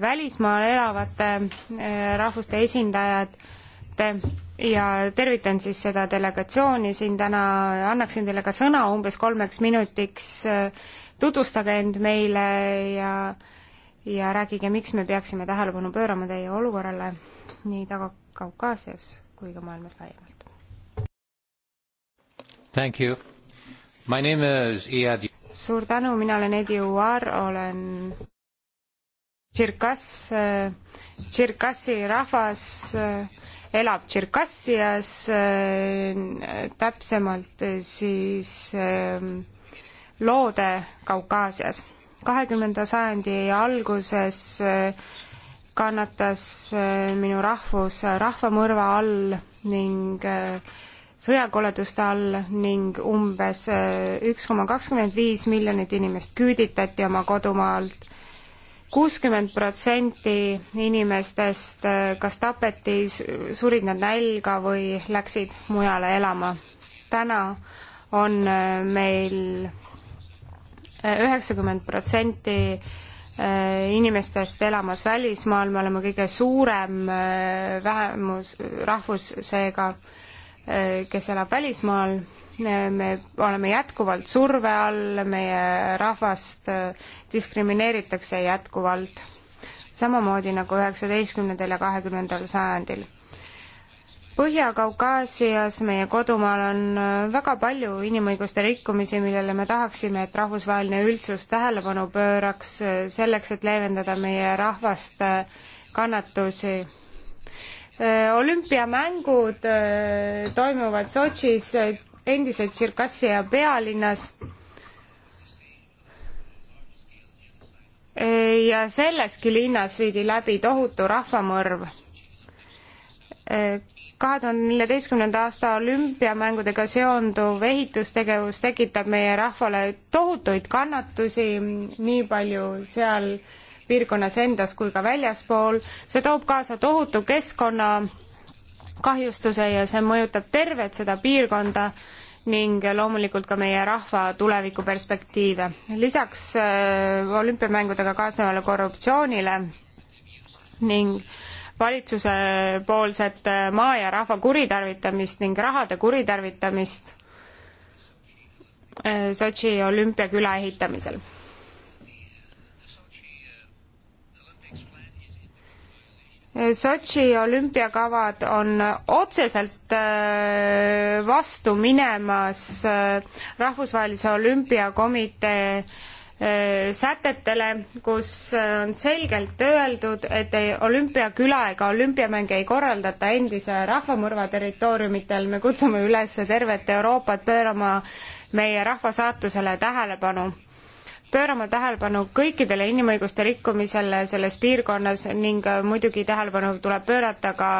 välismaal elavate eh, rahvuste esindajate ja tervitan siis seda delegatsiooni siin täna, annaksin teile ka sõna umbes kolmeks minutiks, tutvustage end meile ja ja rääkige, miks me peaksime tähelepanu pöörama teie olukorrale nii taga Kaukaasias kui ka maailmas laiemalt. Thank you. My name is Iad. suur tänu, mina olen Edi Uar, olen Tširkass, äh, Tširkassi rahvas äh, elab Tširkassias, äh, täpsemalt siis loode Kaukaasias. kahekümnenda sajandi alguses kannatas minu rahvus rahvamõrva all ning sõjakoleduste all ning umbes üks koma kakskümmend viis miljonit inimest küüditati oma kodumaalt kuuskümmend protsenti inimestest kas tapeti, surid nad nälga või läksid mujale elama. täna on meil üheksakümmend protsenti äh, inimestest elamas välismaal, me oleme kõige suurem äh, vähemus, rahvus seega äh, kes elab välismaal, me oleme jätkuvalt surve all, meie rahvast diskrimineeritakse jätkuvalt, samamoodi nagu üheksateistkümnendal ja kahekümnendal sajandil. Põhja-Kaukaasias, meie kodumaal, on väga palju inimõiguste rikkumisi, millele me tahaksime, et rahvusvaheline üldsus tähelepanu pööraks selleks, et leevendada meie rahvaste kannatusi Äh, olümpiamängud äh, toimuvad Sotšis äh, endiselt Tširkassia pealinnas. ja selleski linnas viidi läbi tohutu rahvamõrv. kahe tuhande neljateistkümnenda aasta olümpiamängudega seonduv ehitustegevus tekitab meie rahvale tohutuid kannatusi, nii palju seal äh, piirkonnas endas kui ka väljaspool. see toob kaasa tohutu keskkonnakahjustuse ja see mõjutab tervet seda piirkonda ning loomulikult ka meie rahva tulevikuperspektiive. lisaks äh, olümpiamängudega kaasnevale korruptsioonile ning valitsuse poolset äh, maa ja rahva kuritarvitamist ning rahade kuritarvitamist äh, Sotši olümpiaküla ehitamisel Sotši olümpiakavad on otseselt äh, vastu minemas äh, Rahvusvahelise Olümpiakomitee äh, sätetele, kus on selgelt öeldud, et ei olümpiaküla ega olümpiamänge ei korraldata endise rahvamõrva territooriumitel. me kutsume üles tervet Euroopat pöörama meie rahva saatusele tähelepanu pöörama tähelepanu kõikidele inimõiguste rikkumisele selles piirkonnas ning äh, muidugi tähelepanu tuleb pöörata ka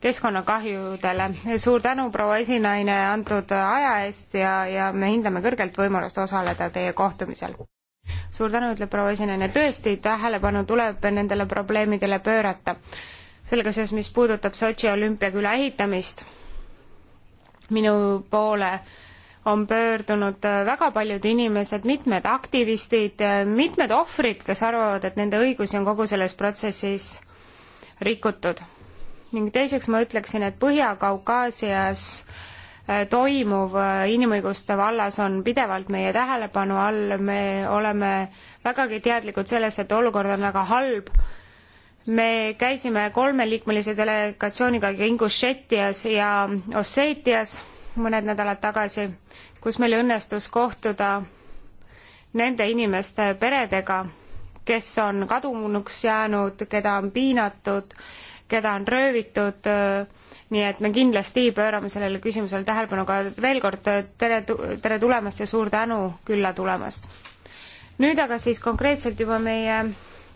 keskkonnakahjudele. suur tänu, proua esinaine, antud aja eest ja, ja me hindame kõrgelt võimalust osaleda teie kohtumisel. suur tänu, ütleb proua esinaine, tõesti, tähelepanu tuleb nendele probleemidele pöörata. sellega seoses, mis puudutab Sotši olümpiaküla ehitamist, minu poole on pöördunud äh, väga paljud inimesed, mitmed aktivistid, äh, mitmed ohvrid, kes arvavad, et nende õigusi on kogu selles protsessis rikutud. ning teiseks ma ütleksin, et Põhja-Kaukaasias äh, toimuv inimõiguste vallas on pidevalt meie tähelepanu all, me oleme vägagi teadlikud sellest, et olukord on väga halb me käisime kolmeliikmelise delegatsiooniga Ingušetias ja Osseetias mõned nädalad tagasi, kus meil õnnestus kohtuda nende inimeste peredega, kes on kadunuks jäänud, keda on piinatud, keda on röövitud, nii et me kindlasti pöörame sellele küsimusele tähelepanu, aga veel kord tere, tere tulemast ja suur tänu külla tulemast. nüüd aga siis konkreetselt juba meie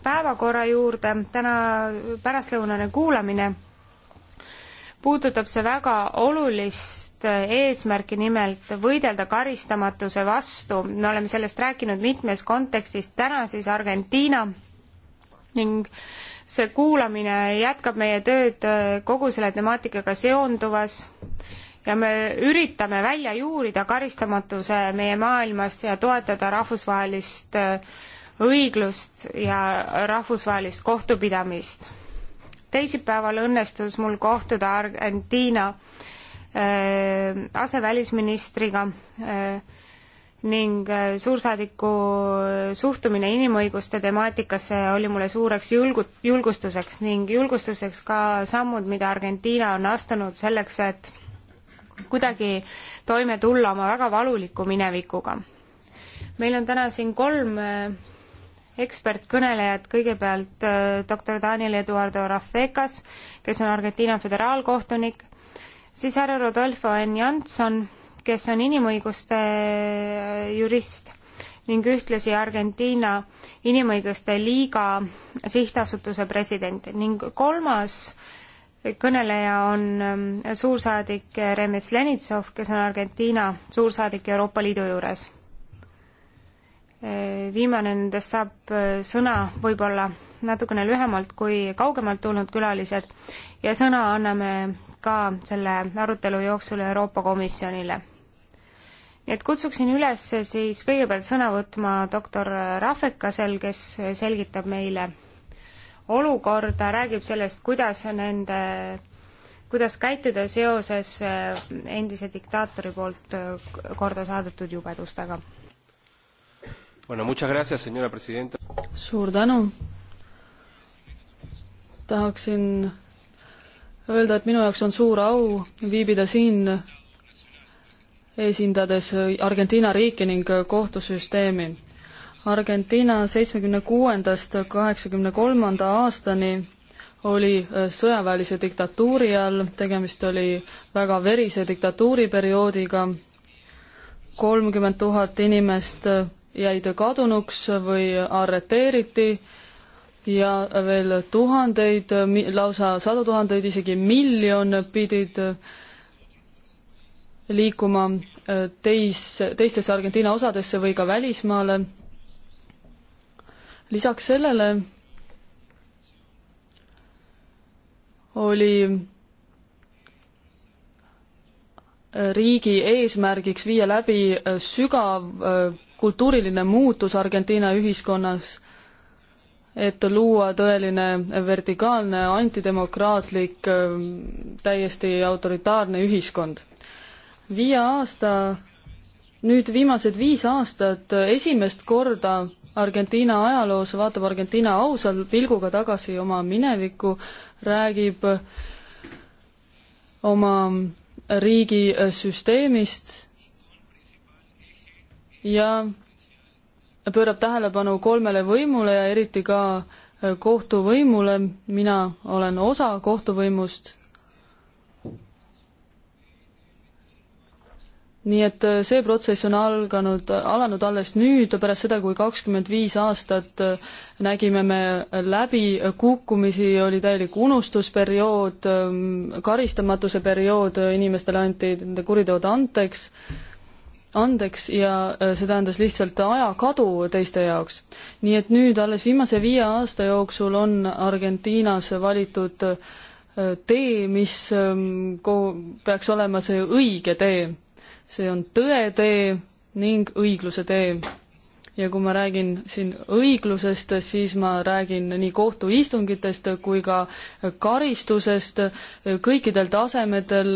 päevakorra juurde, täna pärastlõunane kuulamine puudutab see väga olulist eesmärki, nimelt võidelda karistamatuse vastu. me oleme sellest rääkinud mitmes kontekstis, täna siis Argentiina ning see kuulamine jätkab meie tööd kogu selle temaatikaga seonduvas ja me üritame välja juurida karistamatuse meie maailmast ja toetada rahvusvahelist õiglust ja rahvusvahelist kohtupidamist teisipäeval õnnestus mul kohtuda Argentiina äh, asevälisministriga äh, ning äh, suursaadiku suhtumine inimõiguste temaatikasse oli mulle suureks julgu-, julgustuseks ning julgustuseks ka sammud, mida Argentiina on astunud selleks, et kuidagi toime tulla oma väga valuliku minevikuga. meil on täna siin kolm ekspertkõnelejad, kõigepealt äh, doktor Daniel Eduardo Rafecas, kes on Argentiina föderaalkohtunik, siis härra Rodolfo N. Jansson, kes on inimõiguste äh, jurist ning ühtlasi Argentiina Inimõiguste Liiga sihtasutuse president ning kolmas kõneleja on ähm, suursaadik Remes Lenitsov, kes on Argentiina suursaadik Euroopa Liidu juures Eh, viimane nendest saab eh, sõna võib-olla natukene lühemalt kui kaugemalt tulnud külalised ja sõna anname ka selle arutelu jooksul Euroopa Komisjonile. nii et kutsuksin üles siis kõigepealt sõna võtma doktor Rafekasel, kes selgitab meile olukorda, räägib sellest, kuidas nende, kuidas käituda seoses eh, endise diktaatori poolt korda saadetud jubedustega Bueno, muchas gracias, senora presidenta. suur tänu. tahaksin öelda, et minu jaoks on suur au viibida siin, esindades Argentiina riiki ning kohtusüsteemi. Argentiina seitsmekümne kuuendast kaheksakümne kolmanda aastani oli sõjaväelise diktatuuri all, tegemist oli väga verise diktatuuriperioodiga, kolmkümmend tuhat inimest jäid kadunuks või arreteeriti ja veel tuhandeid, lausa sadu tuhandeid, isegi miljon pidid liikuma äh, teis, teistesse Argentiina osadesse või ka välismaale. lisaks sellele oli riigi eesmärgiks viia läbi sügav äh, kultuuriline muutus Argentiina ühiskonnas, et luua tõeline vertikaalne antidemokraatlik, äh, täiesti autoritaarne ühiskond. viie aasta, nüüd viimased viis aastat esimest korda Argentiina ajaloos vaatab Argentiina ausalt pilguga tagasi oma minevikku, räägib oma riigi süsteemist ja pöörab tähelepanu kolmele võimule ja eriti ka äh, kohtuvõimule, mina olen osa kohtuvõimust. nii et äh, see protsess on alganud, alanud alles nüüd, pärast seda, kui kakskümmend viis aastat äh, nägime me läbi kukkumisi, oli täielik unustusperiood, ähm, karistamatuse periood, inimestele anti nende kuriteod anteks andeks ja äh, see tähendas lihtsalt ajakadu teiste jaoks. nii et nüüd alles viimase viie aasta jooksul on Argentiinas valitud äh, tee, mis ähm, peaks olema see õige tee. see on tõe tee ning õigluse tee ja kui ma räägin siin õiglusest, siis ma räägin nii kohtuistungitest kui ka karistusest kõikidel tasemetel,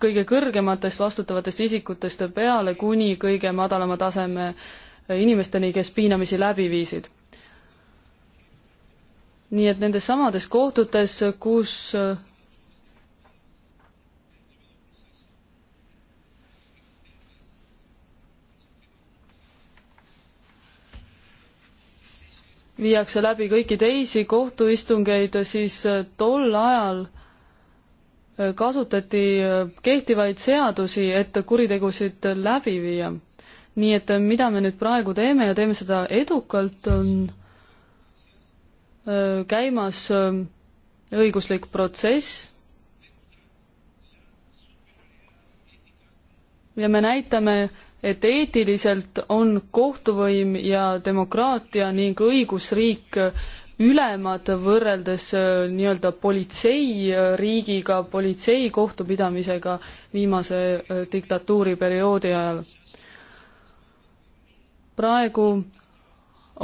kõige kõrgematest vastutavatest isikutest peale kuni kõige madalama taseme inimesteni, kes piinamisi läbi viisid. nii et nendes samades kohtutes, kus viiakse läbi kõiki teisi kohtuistungeid, siis äh, tol ajal äh, kasutati äh, kehtivaid seadusi, et kuritegusid läbi viia. nii et mida me nüüd praegu teeme ja teeme seda edukalt, on käimas õiguslik protsess ja me näitame et eetiliselt on kohtuvõim ja demokraatia ning õigusriik ülemad võrreldes äh, nii-öelda politseiriigiga, politsei kohtupidamisega viimase äh, diktatuuriperioodi ajal. praegu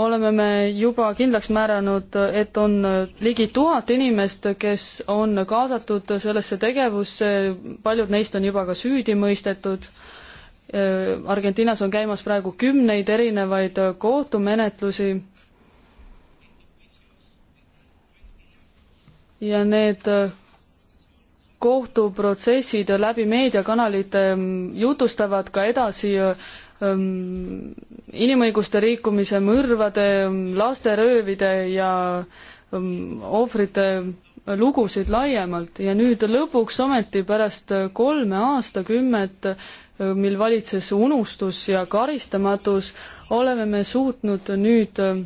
oleme me juba kindlaks määranud, et on äh, ligi tuhat inimest, kes on kaasatud sellesse tegevusse, paljud neist on juba ka süüdi mõistetud Äh, Argentiinas on käimas praegu kümneid erinevaid äh, kohtumenetlusi ja need äh, kohtuprotsessid läbi meediakanalite mm, jutustavad ka edasi mm, inimõiguste rikkumise, mõrvade, mm, lasteröövide ja ohvrite lugusid laiemalt ja nüüd lõpuks ometi pärast kolme aastakümmet mil valitses unustus ja karistamatus, oleme me suutnud nüüd äh,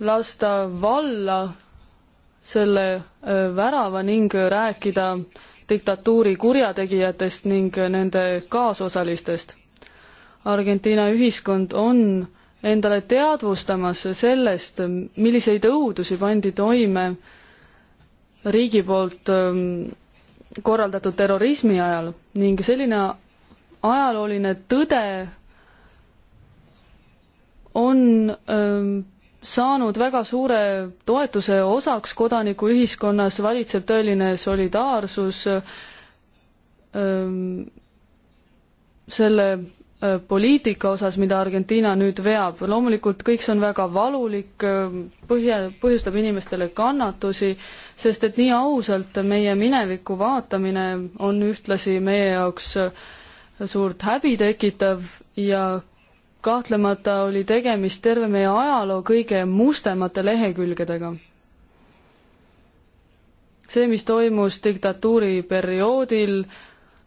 lasta valla selle äh, värava ning rääkida diktatuuri kurjategijatest ning nende kaasosalistest. Argentiina ühiskond on endale teadvustamas sellest, milliseid õudusi pandi toime riigi poolt ähm, korraldatud terrorismi ajal ning selline ajalooline tõde on öö, ähm, saanud väga suure toetuse osaks kodanikuühiskonnas, valitseb tõeline solidaarsus öö, ähm, selle Äh, poliitika osas, mida Argentiina nüüd veab. loomulikult kõik see on väga valulik, äh, põhja, põhjustab inimestele kannatusi, sest et nii ausalt meie mineviku vaatamine on ühtlasi meie jaoks äh, suurt häbi tekitav ja kahtlemata oli tegemist terve meie ajaloo kõige mustemate lehekülgedega see, mis toimus diktatuuri perioodil,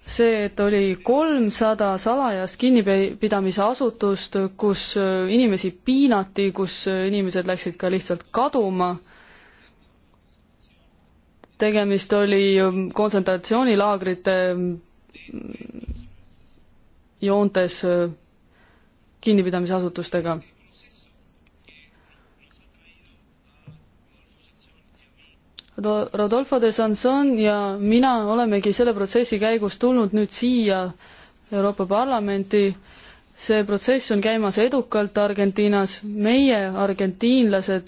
see, et oli kolmsada salajast kinnipidamise asutust, kus äh, inimesi piinati, kus äh, inimesed läksid ka lihtsalt kaduma. tegemist oli ähm, kontsentratsioonilaagrite ähm, joontes äh, kinnipidamisasutustega Rodolfo de Sanson ja mina olemegi selle protsessi käigus tulnud nüüd siia Euroopa Parlamenti. see protsess on käimas edukalt Argentiinas, meie, argentiinlased,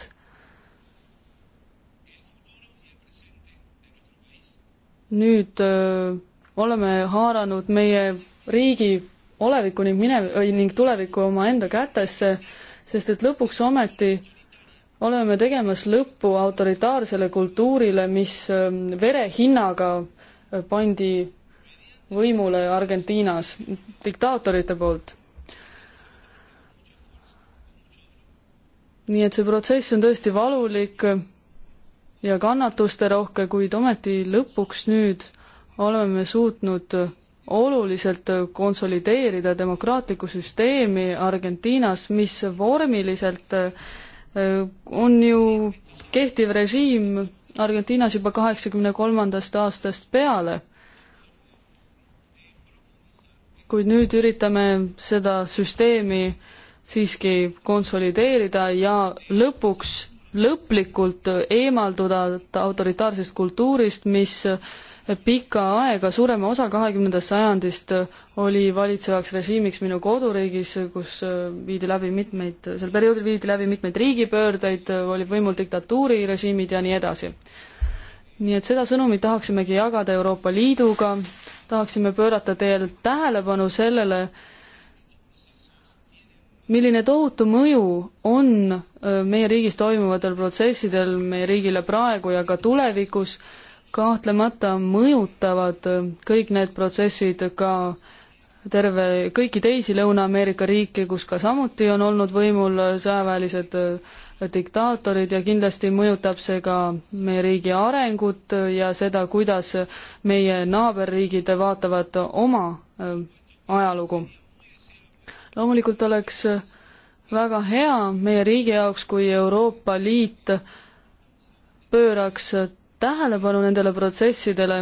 nüüd öö, oleme haaranud meie riigi oleviku ning mine- ning tuleviku omaenda kätesse, sest et lõpuks ometi oleme tegemas lõppu autoritaarsele kultuurile, mis ähm, vere hinnaga äh, pandi võimule Argentiinas diktaatorite poolt. nii et see protsess on tõesti valulik ja kannatusterohke, kuid ometi lõpuks nüüd oleme suutnud oluliselt konsolideerida demokraatlikku süsteemi Argentiinas, mis vormiliselt äh, on ju kehtiv režiim Argentiinas juba kaheksakümne kolmandast aastast peale. kuid nüüd üritame seda süsteemi siiski konsolideerida ja lõpuks lõplikult eemalduda autoritaarsest kultuurist, mis pikka aega, suurema osa kahekümnendast sajandist oli valitsevaks režiimiks minu koduriigis, kus äh, viidi läbi mitmeid, sel perioodil viidi läbi mitmeid riigipöördeid, olid võimul diktatuurirežiimid ja nii edasi. nii et seda sõnumit tahaksimegi jagada Euroopa Liiduga, tahaksime pöörata teie tähelepanu sellele, milline tohutu mõju on äh, meie riigis toimuvatel protsessidel meie riigile praegu ja ka tulevikus kahtlemata mõjutavad kõik need protsessid ka terve, kõiki teisi Lõuna-Ameerika riike, kus ka samuti on olnud võimul sõjaväelised diktaatorid ja kindlasti mõjutab see ka meie riigi arengut ja seda, kuidas meie naaberriigid vaatavad oma äh, ajalugu. loomulikult oleks väga hea meie riigi jaoks, kui Euroopa Liit pööraks tähelepanu nendele protsessidele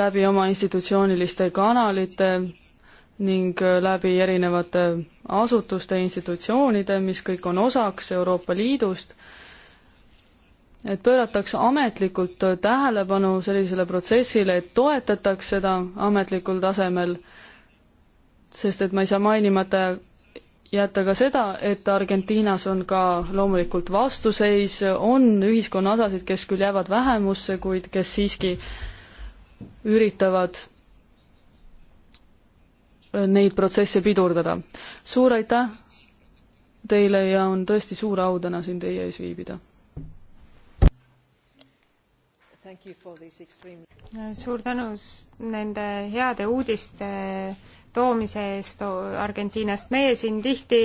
läbi oma institutsiooniliste kanalite ning läbi erinevate asutuste, institutsioonide, mis kõik on osaks Euroopa Liidust, et pööratakse ametlikult tähelepanu sellisele protsessile, et toetataks seda ametlikul tasemel, sest et ma ei saa mainimata jätta ka seda, et Argentiinas on ka loomulikult vastuseis, on ühiskonnaosasid, kes küll jäävad vähemusse, kuid kes siiski üritavad neid protsesse pidurdada. suur aitäh teile ja on tõesti suur au täna siin teie ees viibida. suur tänu nende heade uudiste toomise eest Argentiinast. meie siin tihti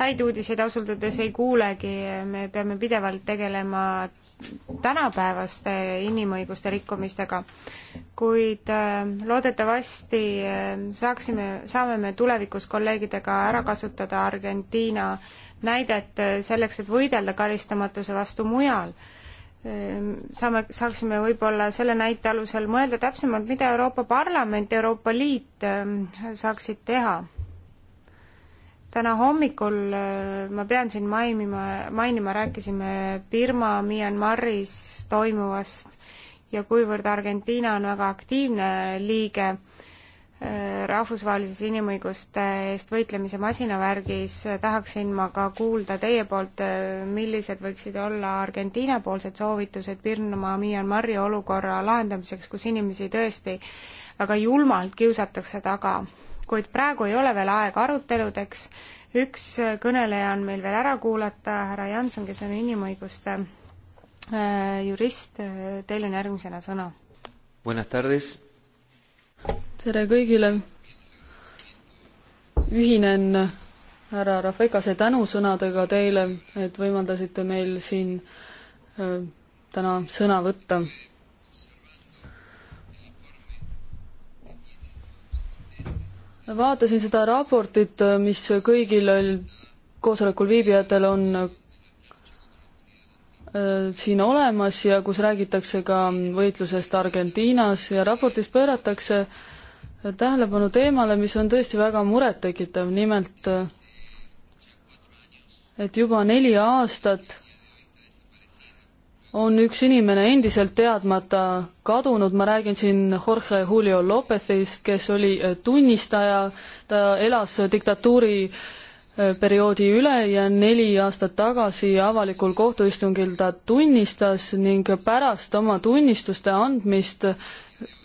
häid uudiseid ausalt öeldes ei kuulegi, me peame pidevalt tegelema tänapäevaste inimõiguste rikkumistega, kuid äh, loodetavasti äh, saaksime, saame me tulevikus kolleegidega ära kasutada Argentiina näidet äh, selleks, et võidelda karistamatuse vastu mujal Ehm, saame, saaksime võib-olla selle näite alusel mõelda täpsemalt, mida Euroopa Parlament, Euroopa Liit ehm, saaksid teha. täna hommikul, ehm, ma pean siin mainima, mainima, rääkisime Birma, Myanmaris toimuvast ja kuivõrd Argentiina on väga aktiivne liige rahvusvahelises inimõiguste eest võitlemise masinavärgis tahaksin ma ka kuulda teie poolt, millised võiksid olla Argentiina poolsed soovitused Birma Myanmari olukorra lahendamiseks, kus inimesi tõesti väga julmalt kiusatakse taga. kuid praegu ei ole veel aega aruteludeks, üks kõneleja on meil veel ära kuulata, härra Janson, kes on inimõiguste äh, jurist, teil on järgmisena sõna. Buenas tardes tere kõigile. ühinen härra Rafekase tänusõnadega teile, et võimaldasite meil siin äh, täna sõna võtta. vaatasin seda raportit, mis kõigil koosolekul viibijatel on äh, siin olemas ja kus räägitakse ka võitlusest Argentiinas ja raportis pööratakse äh, tähelepanu teemale, mis on tõesti väga murettekitav, nimelt äh, et juba neli aastat on üks inimene endiselt teadmata kadunud, ma räägin siin Jorge Julio Lopezist, kes oli äh, tunnistaja, ta elas äh, diktatuuri perioodi üle ja neli aastat tagasi avalikul kohtuistungil ta tunnistas ning pärast oma tunnistuste andmist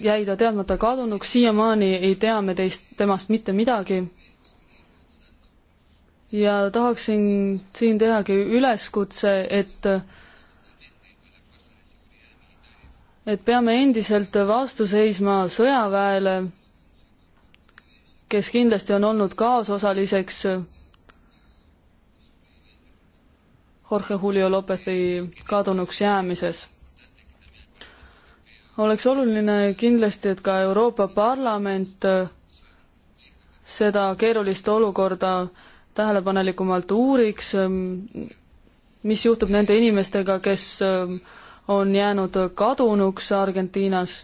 jäi ta teadmata kadunuks, siiamaani ei tea me teist, temast mitte midagi. ja tahaksin siin tehagi üleskutse, et et peame endiselt vastu seisma sõjaväele, kes kindlasti on olnud kaasosaliseks Jorge Julio Lopezi kadunuks jäämises oleks oluline kindlasti, et ka Euroopa Parlament äh, seda keerulist olukorda tähelepanelikumalt uuriks, ähm, mis juhtub nende inimestega, kes ähm, on jäänud kadunuks Argentiinas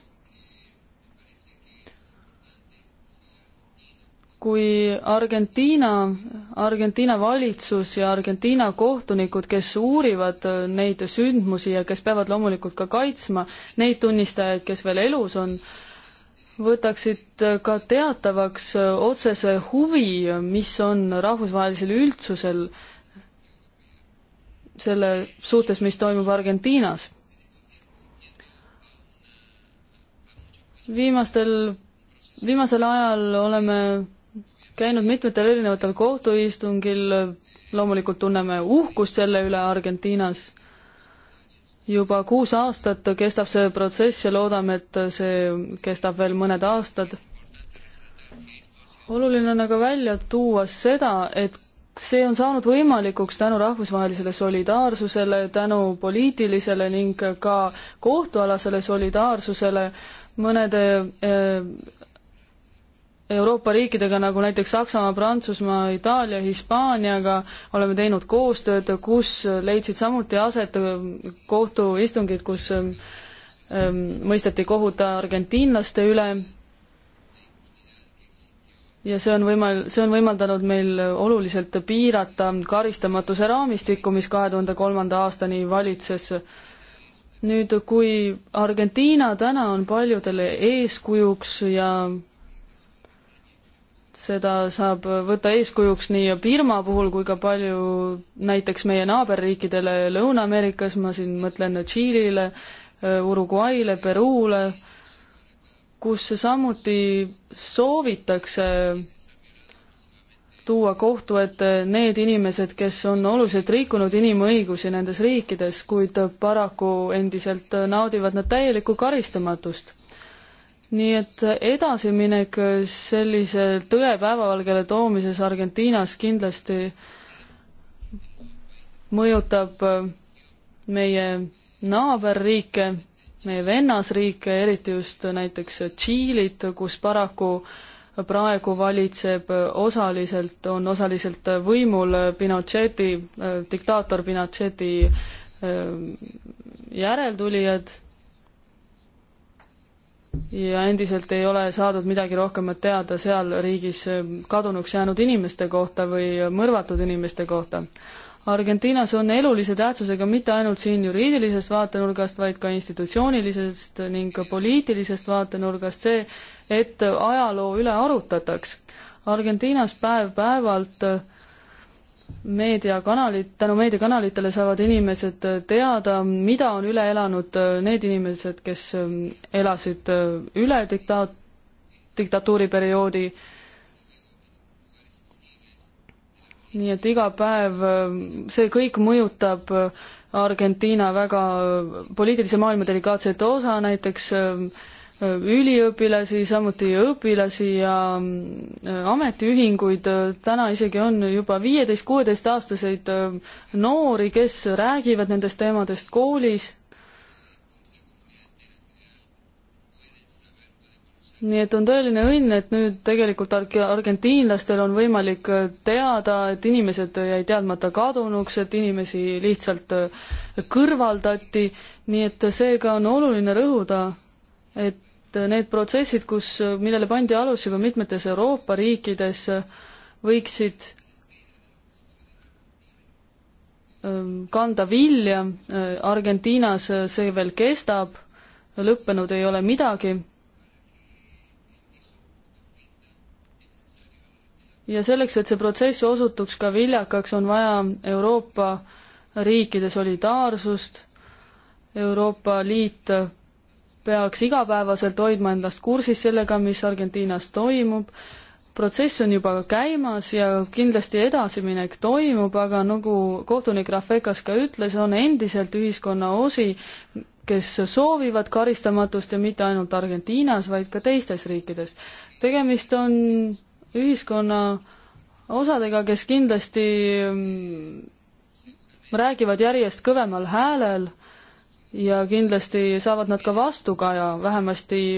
kui Argentiina, Argentiina valitsus ja Argentiina kohtunikud, kes uurivad neid sündmusi ja kes peavad loomulikult ka kaitsma neid tunnistajaid, kes veel elus on, võtaksid ka teatavaks otsese huvi, mis on rahvusvahelisel üldsusel selle suhtes, mis toimub Argentiinas. viimastel, viimasel ajal oleme käinud mitmetel erinevatel kohtuistungil, loomulikult tunneme uhkust selle üle Argentiinas. juba kuus aastat kestab see protsess ja loodame, et see kestab veel mõned aastad. oluline on aga välja tuua seda, et see on saanud võimalikuks tänu rahvusvahelisele solidaarsusele, tänu poliitilisele ning ka kohtualasele solidaarsusele mõnede eh, Euroopa riikidega, nagu näiteks Saksamaa, Prantsusmaa, Itaalia, Hispaaniaga oleme teinud koostööd, kus leidsid samuti aset kohtuistungid, kus ähm, ähm, mõisteti kohut argentiinlaste üle ja see on võimal-, see on võimaldanud meil oluliselt piirata karistamatuse raamistikku, mis kahe tuhande kolmanda aastani valitses. nüüd, kui Argentiina täna on paljudele eeskujuks ja seda saab võtta eeskujuks nii Birma puhul kui ka palju näiteks meie naaberriikidele Lõuna-Ameerikas, ma siin mõtlen Tšiilile, Uruguay'le, Peruule, kus samuti soovitakse tuua kohtu ette need inimesed, kes on oluliselt rikkunud inimõigusi nendes riikides, kuid paraku endiselt naudivad nad täielikku karistamatust nii et edasiminek sellise tõe päevavalgele toomises Argentiinas kindlasti mõjutab meie naaberriike, meie vennasriike, eriti just näiteks Tšiilit, kus paraku praegu valitseb osaliselt, on osaliselt võimul Pinocheti, diktaator Pinocheti äh, järeltulijad ja endiselt ei ole saadud midagi rohkemat teada seal riigis eh, kadunuks jäänud inimeste kohta või mõrvatud inimeste kohta. Argentiinas on elulise tähtsusega mitte ainult siin juriidilisest vaatenurgast, vaid ka institutsioonilisest ning poliitilisest vaatenurgast see, et ajaloo üle arutataks. Argentiinas päev-päevalt äh, eh, meediakanalid, tänu meediakanalitele saavad inimesed äh, teada, mida on üle elanud äh, need inimesed, kes ähm, elasid äh, üle dikta-, diktatuuriperioodi. nii et iga päev, ähm, see kõik mõjutab Argentiina väga poliitilise maailma delikaatset osa, näiteks äh, üliõpilasi, samuti õpilasi ja äh, ametiühinguid, täna isegi on juba viieteist-kuueteistaastaseid äh, noori, kes räägivad nendest teemadest koolis. nii et on tõeline õnn, et nüüd tegelikult argentiinlastel on võimalik äh, teada, et inimesed jäid teadmata kadunuks, et inimesi lihtsalt kõrvaldati, nii et seega on oluline rõhuda, et need protsessid, kus, millele pandi alus juba mitmetes Euroopa riikides, võiksid ähm, kanda vilja, äh, Argentiinas see veel kestab, lõppenud ei ole midagi ja selleks, et see protsess osutuks ka viljakaks, on vaja Euroopa riikide solidaarsust, Euroopa Liit peaks igapäevaselt hoidma endast kursis sellega, mis Argentiinas toimub. protsess on juba käimas ja kindlasti edasiminek toimub, aga nagu kohtunik Rafekas ka ütles, on endiselt ühiskonna osi, kes soovivad karistamatust ja mitte ainult Argentiinas, vaid ka teistes riikides. tegemist on ühiskonna osadega, kes kindlasti mm, räägivad järjest kõvemal häälel ja kindlasti saavad nad ka vastukaja, vähemasti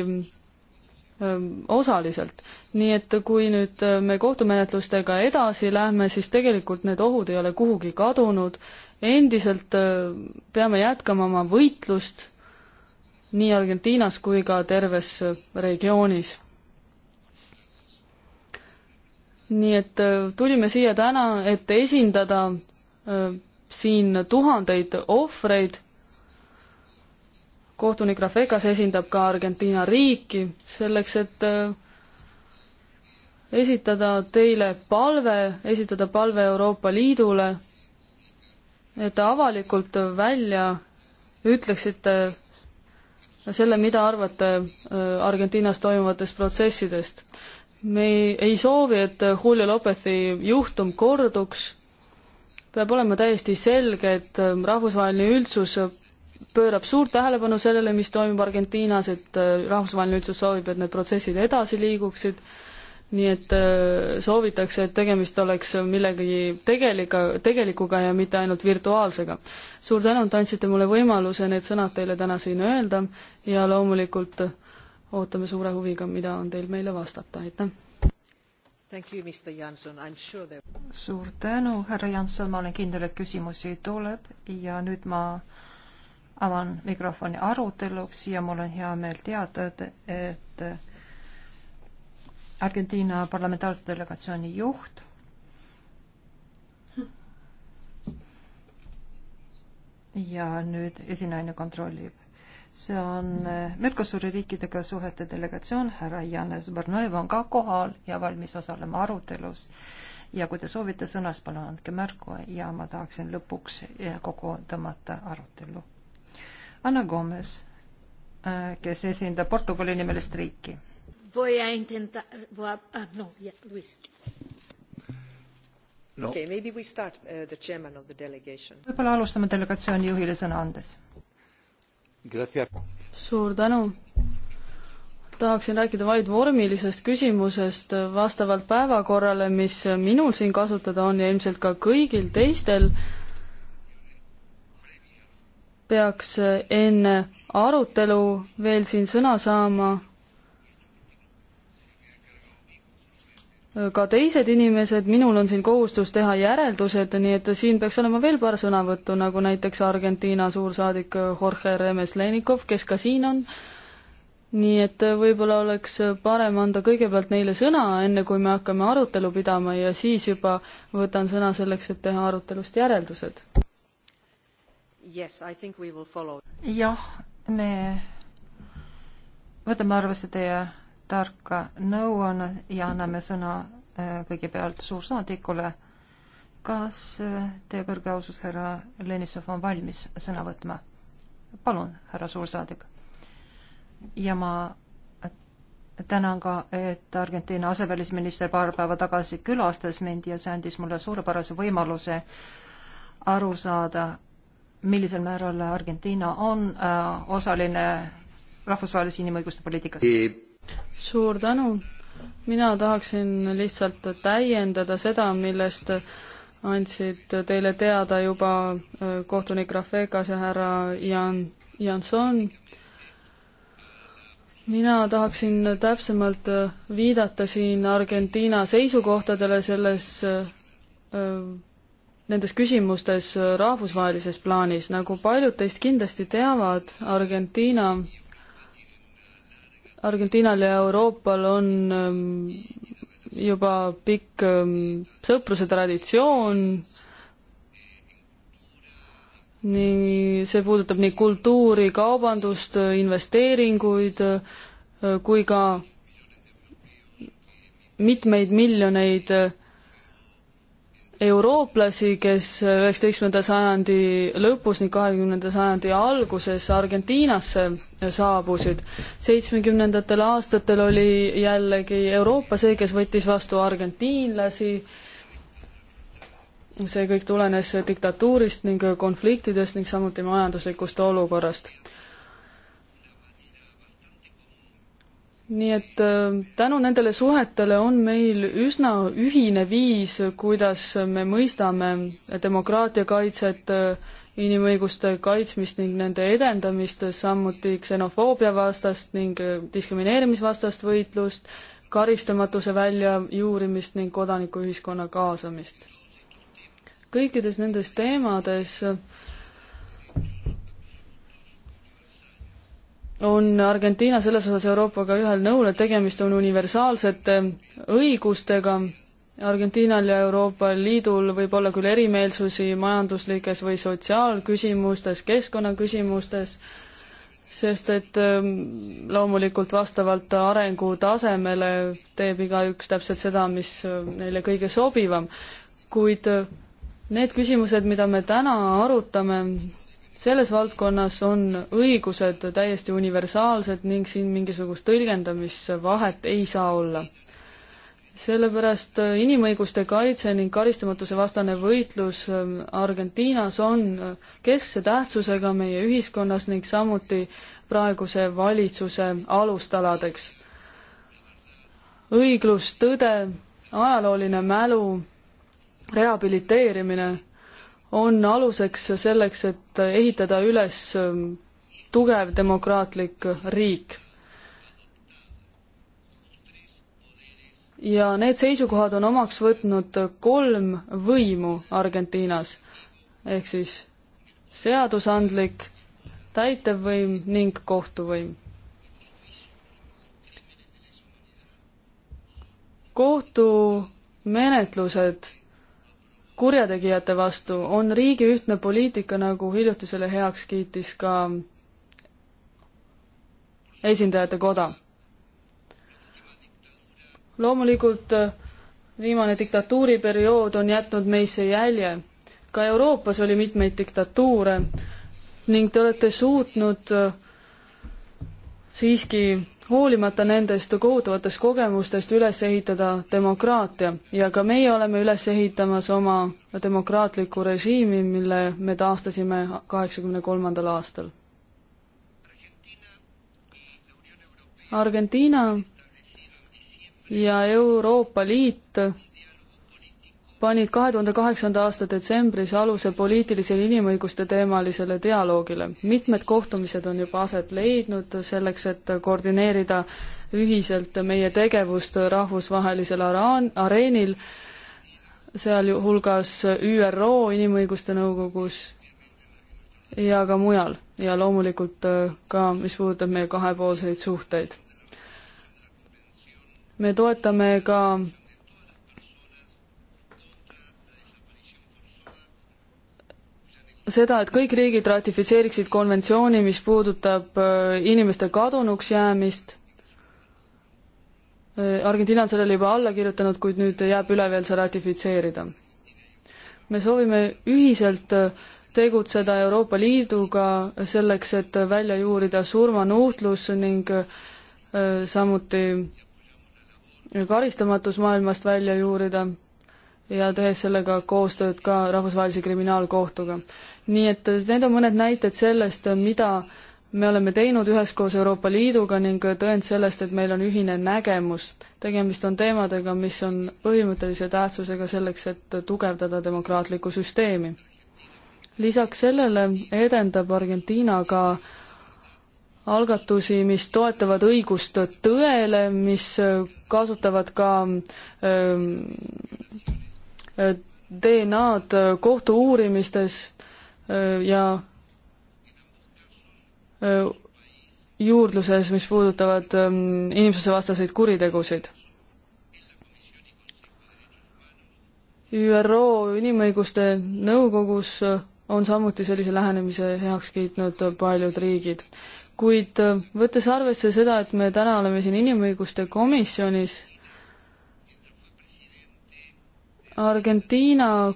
ähm, osaliselt. nii et kui nüüd äh, me kohtumenetlustega edasi lähme, siis tegelikult need ohud ei ole kuhugi kadunud, endiselt äh, peame jätkama oma võitlust nii Argentiinas kui ka terves äh, regioonis. nii et tulime siia täna, et esindada siin tuhandeid ohvreid kohtunik Rafekas esindab ka Argentiina riiki, selleks et äh, esitada teile palve, esitada palve Euroopa Liidule, et te avalikult välja ütleksite selle, mida arvate äh, Argentiinas toimuvatest protsessidest. me ei, ei soovi, et Julio Lopezi juhtum korduks, peab olema täiesti selge, et äh, rahvusvaheline üldsus pöörab suurt tähelepanu sellele, mis toimub Argentiinas, et äh, rahvusvaheline üldsus soovib, et need protsessid edasi liiguksid, nii et äh, soovitakse, et tegemist oleks millegi tegeliga, tegelikuga ja mitte ainult virtuaalsega. suur tänu, et andsite mulle võimaluse need sõnad teile täna siin öelda ja loomulikult ootame suure huviga, mida on teil meile vastata, aitäh! You, sure there... suur tänu, härra Janson, ma olen kindel, et küsimusi tuleb ja nüüd ma avan mikrofoni aruteluks ja mul on hea meel teada, et Argentiina parlamentaarse delegatsiooni juht ja nüüd esinaine kontrollib. see on Mercosuri riikidega suhete delegatsioon, härra Janes Bornoev on ka kohal ja valmis osalema arutelus. ja kui te soovite sõnast, palun andke märku ja ma tahaksin lõpuks kokku tõmmata arutelu Anna Gomes, äh, kes esindab Portugali nimelist riiki. Voy a intentar, voy a, ah, no, yeah, Luis. No. Okay, maybe we start uh, the chairman of the delegation. võib-olla alustame delegatsiooni juhile sõna andes. suur tänu. tahaksin rääkida vaid vormilisest küsimusest vastavalt päevakorrale, mis minul siin kasutada on ja ilmselt ka kõigil teistel uh, peaks äh, enne arutelu veel siin sõna saama äh, ka teised inimesed, minul on siin kohustus teha järeldused, nii et siin peaks olema veel paar sõnavõttu, nagu näiteks Argentiina suursaadik äh, Jorge Remes Lenikov, kes ka siin on. nii et võib-olla oleks parem anda kõigepealt neile sõna, enne kui me hakkame arutelu pidama ja siis juba võtan sõna selleks, et teha arutelust järeldused. Yes, I think we will follow. jah, me võtame arvesse teie tarka nõuanne ja anname sõna äh, kõigepealt suursaadikule. kas äh, teie kõrge ausus, härra Lenissov, on valmis sõna võtma? palun, härra suursaadik. ja ma tänan ka, et Argentiina asevälisminister paar päeva tagasi külastas mind ja see andis mulle suurepärase võimaluse aru saada, millisel määral Argentiina on äh, osaline rahvusvahelise inimõiguste poliitikas? suur tänu, mina tahaksin lihtsalt täiendada seda, millest andsid teile teada juba äh, kohtunik Rafekas ja härra Jan-, Janson. mina tahaksin täpsemalt äh, viidata siin Argentiina seisukohtadele selles äh, nendes küsimustes rahvusvahelises plaanis, nagu paljud teist kindlasti teavad, Argentiina, Argentiinal ja Euroopal on ähm, juba pikk ähm, sõpruse traditsioon, nii, see puudutab nii kultuuri, kaubandust, investeeringuid äh, kui ka mitmeid miljoneid äh, eurooplasi, kes üheksateistkümnenda sajandi lõpus ning kahekümnenda sajandi alguses Argentiinasse saabusid. seitsmekümnendatel aastatel oli jällegi Euroopa see, kes võttis vastu argentiinlasi, see kõik tulenes diktatuurist ning konfliktidest ning samuti majanduslikust olukorrast. nii et äh, tänu nendele suhetele on meil üsna ühine viis, kuidas me mõistame demokraatia kaitset, äh, inimõiguste kaitsmist ning nende edendamist, samuti ksenofoobia vastast ning äh, diskrimineerimisvastast võitlust, karistamatuse väljajuurimist ning kodanikuühiskonna kaasamist. kõikides nendes teemades äh, on Argentiina selles osas Euroopaga ühel nõul, et tegemist on universaalsete õigustega, Argentiinal ja Euroopa Liidul võib olla küll erimeelsusi majanduslikes või sotsiaalküsimustes, keskkonnaküsimustes, sest et ähm, loomulikult vastavalt arengutasemele teeb igaüks täpselt seda, mis äh, neile kõige sobivam, kuid äh, need küsimused, mida me täna arutame, selles valdkonnas on õigused täiesti universaalsed ning siin mingisugust tõlgendamisvahet ei saa olla. sellepärast äh, inimõiguste kaitse ning karistamatuse vastane võitlus ähm, Argentiinas on äh, keskse tähtsusega meie ühiskonnas ning samuti praeguse valitsuse alustaladeks. õiglus, tõde, ajalooline mälu, rehabiliteerimine on aluseks selleks, et ehitada üles ähm, tugev demokraatlik riik. ja need seisukohad on omaks võtnud kolm võimu Argentiinas, ehk siis seadusandlik, täitevvõim ning kohtuvõim. kohtumenetlused kurjategijate vastu, on riigi ühtne poliitika, nagu hiljuti selle heaks kiitis ka esindajate koda. loomulikult äh, viimane diktatuuriperiood on jätnud meisse jälje. ka Euroopas oli mitmeid diktatuure ning te olete suutnud äh, siiski hoolimata nendest kohutavatest kogemustest üles ehitada demokraatia ja ka meie oleme üles ehitamas oma demokraatlikku režiimi, mille me taastasime kaheksakümne kolmandal aastal. Argentiina ja Euroopa Liit panid kahe tuhande kaheksanda aasta detsembris aluse poliitilisele inimõiguste teemalisele dialoogile. mitmed kohtumised on juba aset leidnud selleks, et koordineerida ühiselt meie tegevust rahvusvahelisel araan-, areenil, sealhulgas ÜRO Inimõiguste Nõukogus ja ka mujal ja loomulikult äh, ka, mis puudutab meie kahepoolseid suhteid. me toetame ka seda, et kõik riigid ratifitseeriksid konventsiooni, mis puudutab äh, inimeste kadunuks jäämist. Äh, Argentiina on sellele juba alla kirjutanud, kuid nüüd jääb üle veel see ratifitseerida. me soovime ühiselt äh, tegutseda Euroopa Liiduga selleks, et välja juurida surmanuhtlus ning samuti karistamatus maailmast välja juurida ja tehes sellega koostööd ka Rahvusvahelise Kriminaalkohtuga. nii et need on mõned näited sellest, mida me oleme teinud üheskoos Euroopa Liiduga ning tõend sellest, et meil on ühine nägemus. tegemist on teemadega, mis on põhimõttelise tähtsusega selleks, et tugevdada demokraatlikku süsteemi. lisaks sellele edendab Argentiina ka algatusi, mis toetavad õigust tõele, mis kasutavad ka öö, ähm, DNA-d kohtu-uurimistes äh, ja äh, juurdluses, mis puudutavad ähm, inimsusevastaseid kuritegusid ÜRO Inimõiguste Nõukogus äh, on samuti sellise lähenemise heaks kiitnud paljud riigid. kuid võttes arvesse seda, et me täna oleme siin inimõiguste komisjonis, Argentiina,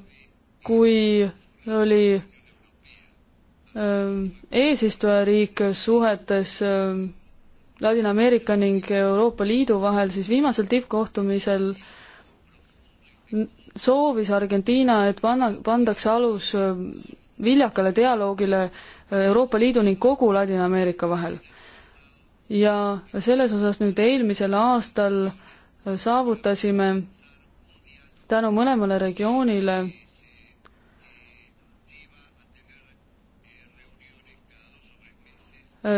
kui oli ähm, eesistujariik suhetes ähm, Ladina-Ameerika ning Euroopa Liidu vahel, siis viimasel tippkohtumisel soovis Argentiina, et panna, pandaks alus ähm, viljakale dialoogile äh, Euroopa Liidu ning kogu Ladina-Ameerika vahel. ja selles osas nüüd eelmisel aastal äh, saavutasime tänu mõlemale regioonile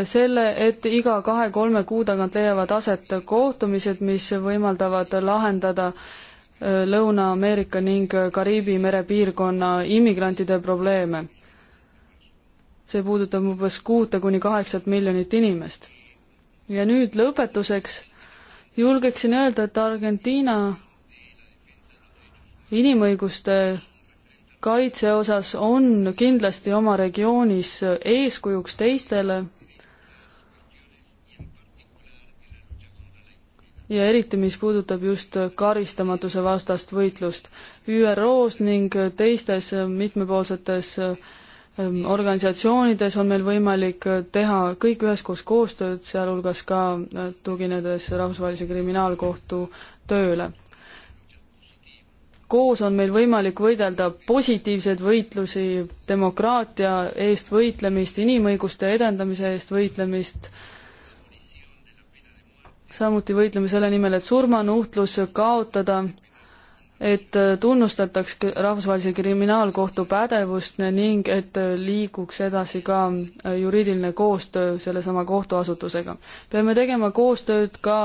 selle, et iga kahe-kolme kuu tagant leiavad aset kohtumised, mis võimaldavad lahendada äh, Lõuna-Ameerika ning Kariibi mere piirkonna immigrantide probleeme. see puudutab umbes kuute kuni kaheksat miljonit inimest. ja nüüd lõpetuseks julgeksin öelda, et Argentiina inimõiguste kaitse osas on kindlasti oma regioonis eeskujuks teistele ja eriti, mis puudutab just karistamatuse vastast võitlust ÜRO-s ning teistes mitmepoolsetes ähm, organisatsioonides on meil võimalik teha kõik üheskoos koostööd, sealhulgas ka äh, tuginedes Rahvusvahelise Kriminaalkohtu tööle koos on meil võimalik võidelda positiivseid võitlusi, demokraatia eest võitlemist, inimõiguste edendamise eest võitlemist, samuti võitleme selle nimel, et surmanuhtlus kaotada, et tunnustataks Rahvusvahelise Kriminaalkohtu pädevust ning et liiguks edasi ka juriidiline koostöö sellesama kohtuasutusega. peame tegema koostööd ka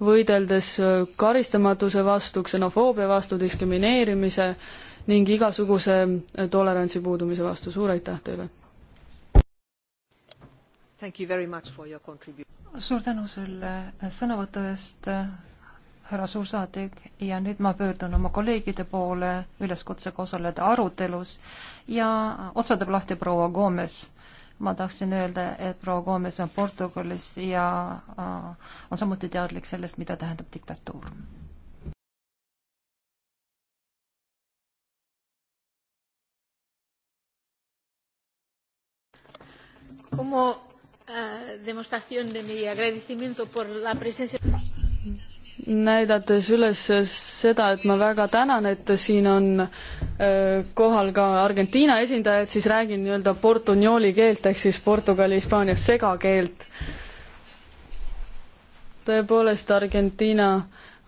võideldes äh, karistamatuse vastu, ksenofoobia vastu, diskrimineerimise ning igasuguse äh, tolerantsi puudumise vastu. suur aitäh teile! suur tänu selle äh, sõnavõtu eest, härra suursaadik, ja nüüd ma pöördun oma kolleegide poole üleskutsega osaleda arutelus ja otsad läheb lahti proua Gomes ma tahtsin öelda, et proua Gomes on Portugalist ja äh, on samuti teadlik sellest, mida tähendab diktatuur. Como uh, demostración de mi agradecimiento por la presencia näidates üles seda, et ma väga tänan, et siin on äh, kohal ka Argentiina esindajad, siis räägin nii-öelda portugnoli keelt ehk siis Portugali-Hispaania segakeelt. tõepoolest, Argentiina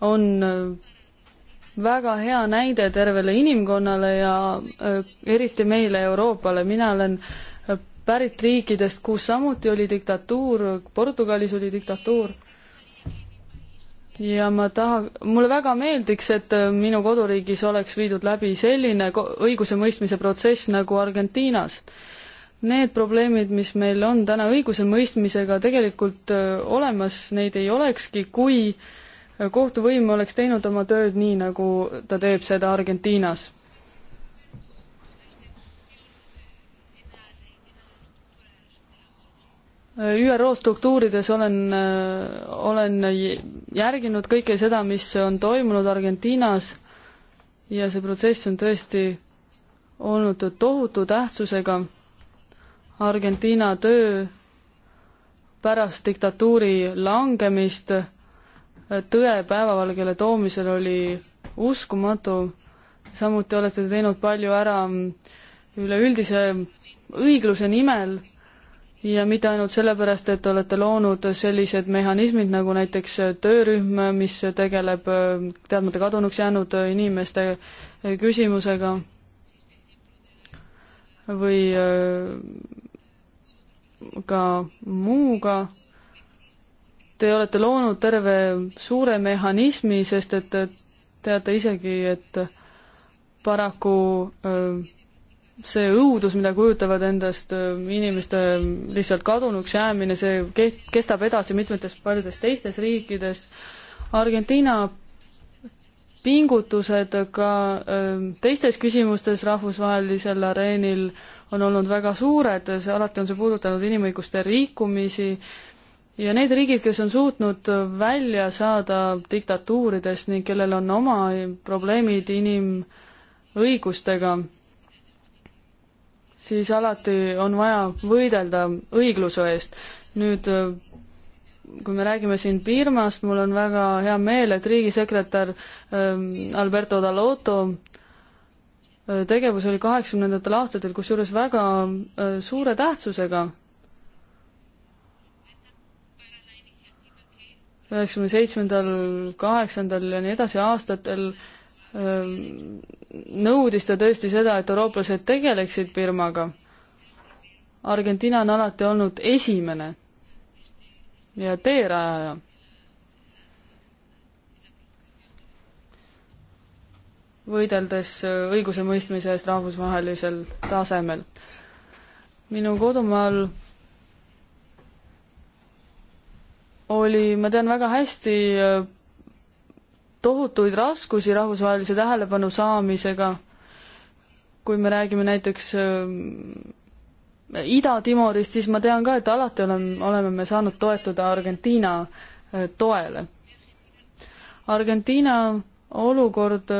on äh, väga hea näide tervele inimkonnale ja äh, eriti meile, Euroopale, mina olen pärit riikidest, kus samuti oli diktatuur, Portugalis oli diktatuur ja ma taha, mulle väga meeldiks, et äh, minu koduriigis oleks viidud läbi selline õigusemõistmise protsess nagu Argentiinas. Need probleemid, mis meil on täna õigusemõistmisega tegelikult äh, olemas, neid ei olekski, kui äh, kohtuvõim oleks teinud oma tööd nii, nagu ta teeb seda Argentiinas ÜRO struktuurides olen, olen järginud kõike seda, mis on toimunud Argentiinas ja see protsess on tõesti olnud tohutu tähtsusega. Argentiina töö pärast diktatuuri langemist tõe päevavalgele toomisel oli uskumatu. samuti olete teinud palju ära üleüldise õigluse nimel ja mitte ainult sellepärast, et olete loonud sellised mehhanismid nagu näiteks töörühm, mis tegeleb äh, teadmata kadunuks jäänud inimeste äh, küsimusega või äh, ka muuga. Te olete loonud terve suure mehhanismi, sest et teate isegi, et paraku öö, see õudus, mida kujutavad endast äh, inimeste lihtsalt kadunuks jäämine, see kestab edasi mitmetes paljudes teistes riikides. Argentiina pingutused ka äh, teistes küsimustes rahvusvahelisel areenil on olnud väga suured, see alati on see puudutanud inimõiguste rikkumisi ja need riigid, kes on suutnud välja saada diktatuuridest ning kellel on oma probleemid inimõigustega siis alati on vaja võidelda õigluse eest. nüüd kui me räägime siin Birmast, mul on väga hea meel, et riigisekretär ähm, Alberto Dalotto äh, tegevus oli kaheksakümnendatel aastatel kusjuures väga äh, suure tähtsusega. üheksakümne seitsmendal, kaheksandal ja nii edasi aastatel äh, nõudis ta tõesti seda, et eurooplased tegeleksid Birmaga. Argentiina on alati olnud esimene ja teerajaja. võideldes õigusemõistmise eest rahvusvahelisel tasemel. minu kodumaal oli, ma tean väga hästi, tohutuid raskusi rahvusvahelise tähelepanu saamisega. kui me räägime näiteks äh, Ida-Timorist, siis ma tean ka, et alati oleme, oleme me saanud toetuda Argentiina äh, toele. Argentiina olukord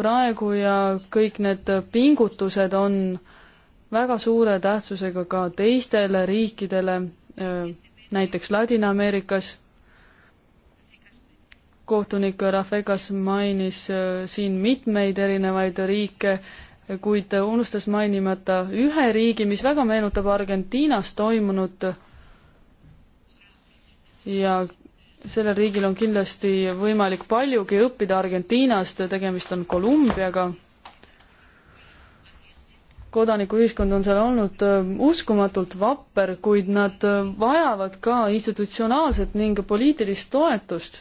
praegu ja kõik need pingutused on väga suure tähtsusega ka teistele riikidele äh,, näiteks Ladina-Ameerikas kohtunik Rafegas mainis äh, siin mitmeid erinevaid riike, kuid unustas mainimata ühe riigi, mis väga meenutab Argentiinas toimunut ja sellel riigil on kindlasti võimalik paljugi õppida Argentiinast, tegemist on Kolumbiaga. kodanikuühiskond on seal olnud äh, uskumatult vapper, kuid nad äh, vajavad ka institutsionaalset ning poliitilist toetust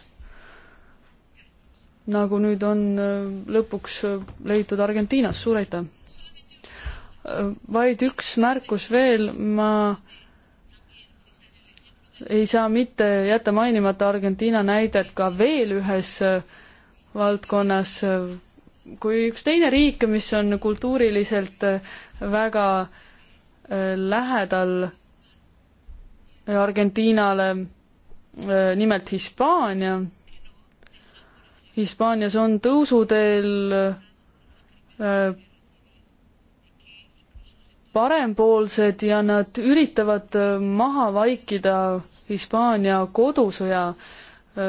nagu nüüd on äh, lõpuks äh, leitud Argentiinas, suur aitäh! Äh, vaid üks märkus veel, ma ei saa mitte jätta mainimata Argentiina näidet ka veel ühes valdkonnas, kui üks teine riik, mis on kultuuriliselt väga lähedal Argentiinale, nimelt Hispaania Hispaanias on tõusuteel äh, parempoolsed ja nad üritavad äh, maha vaikida Hispaania kodusõja äh,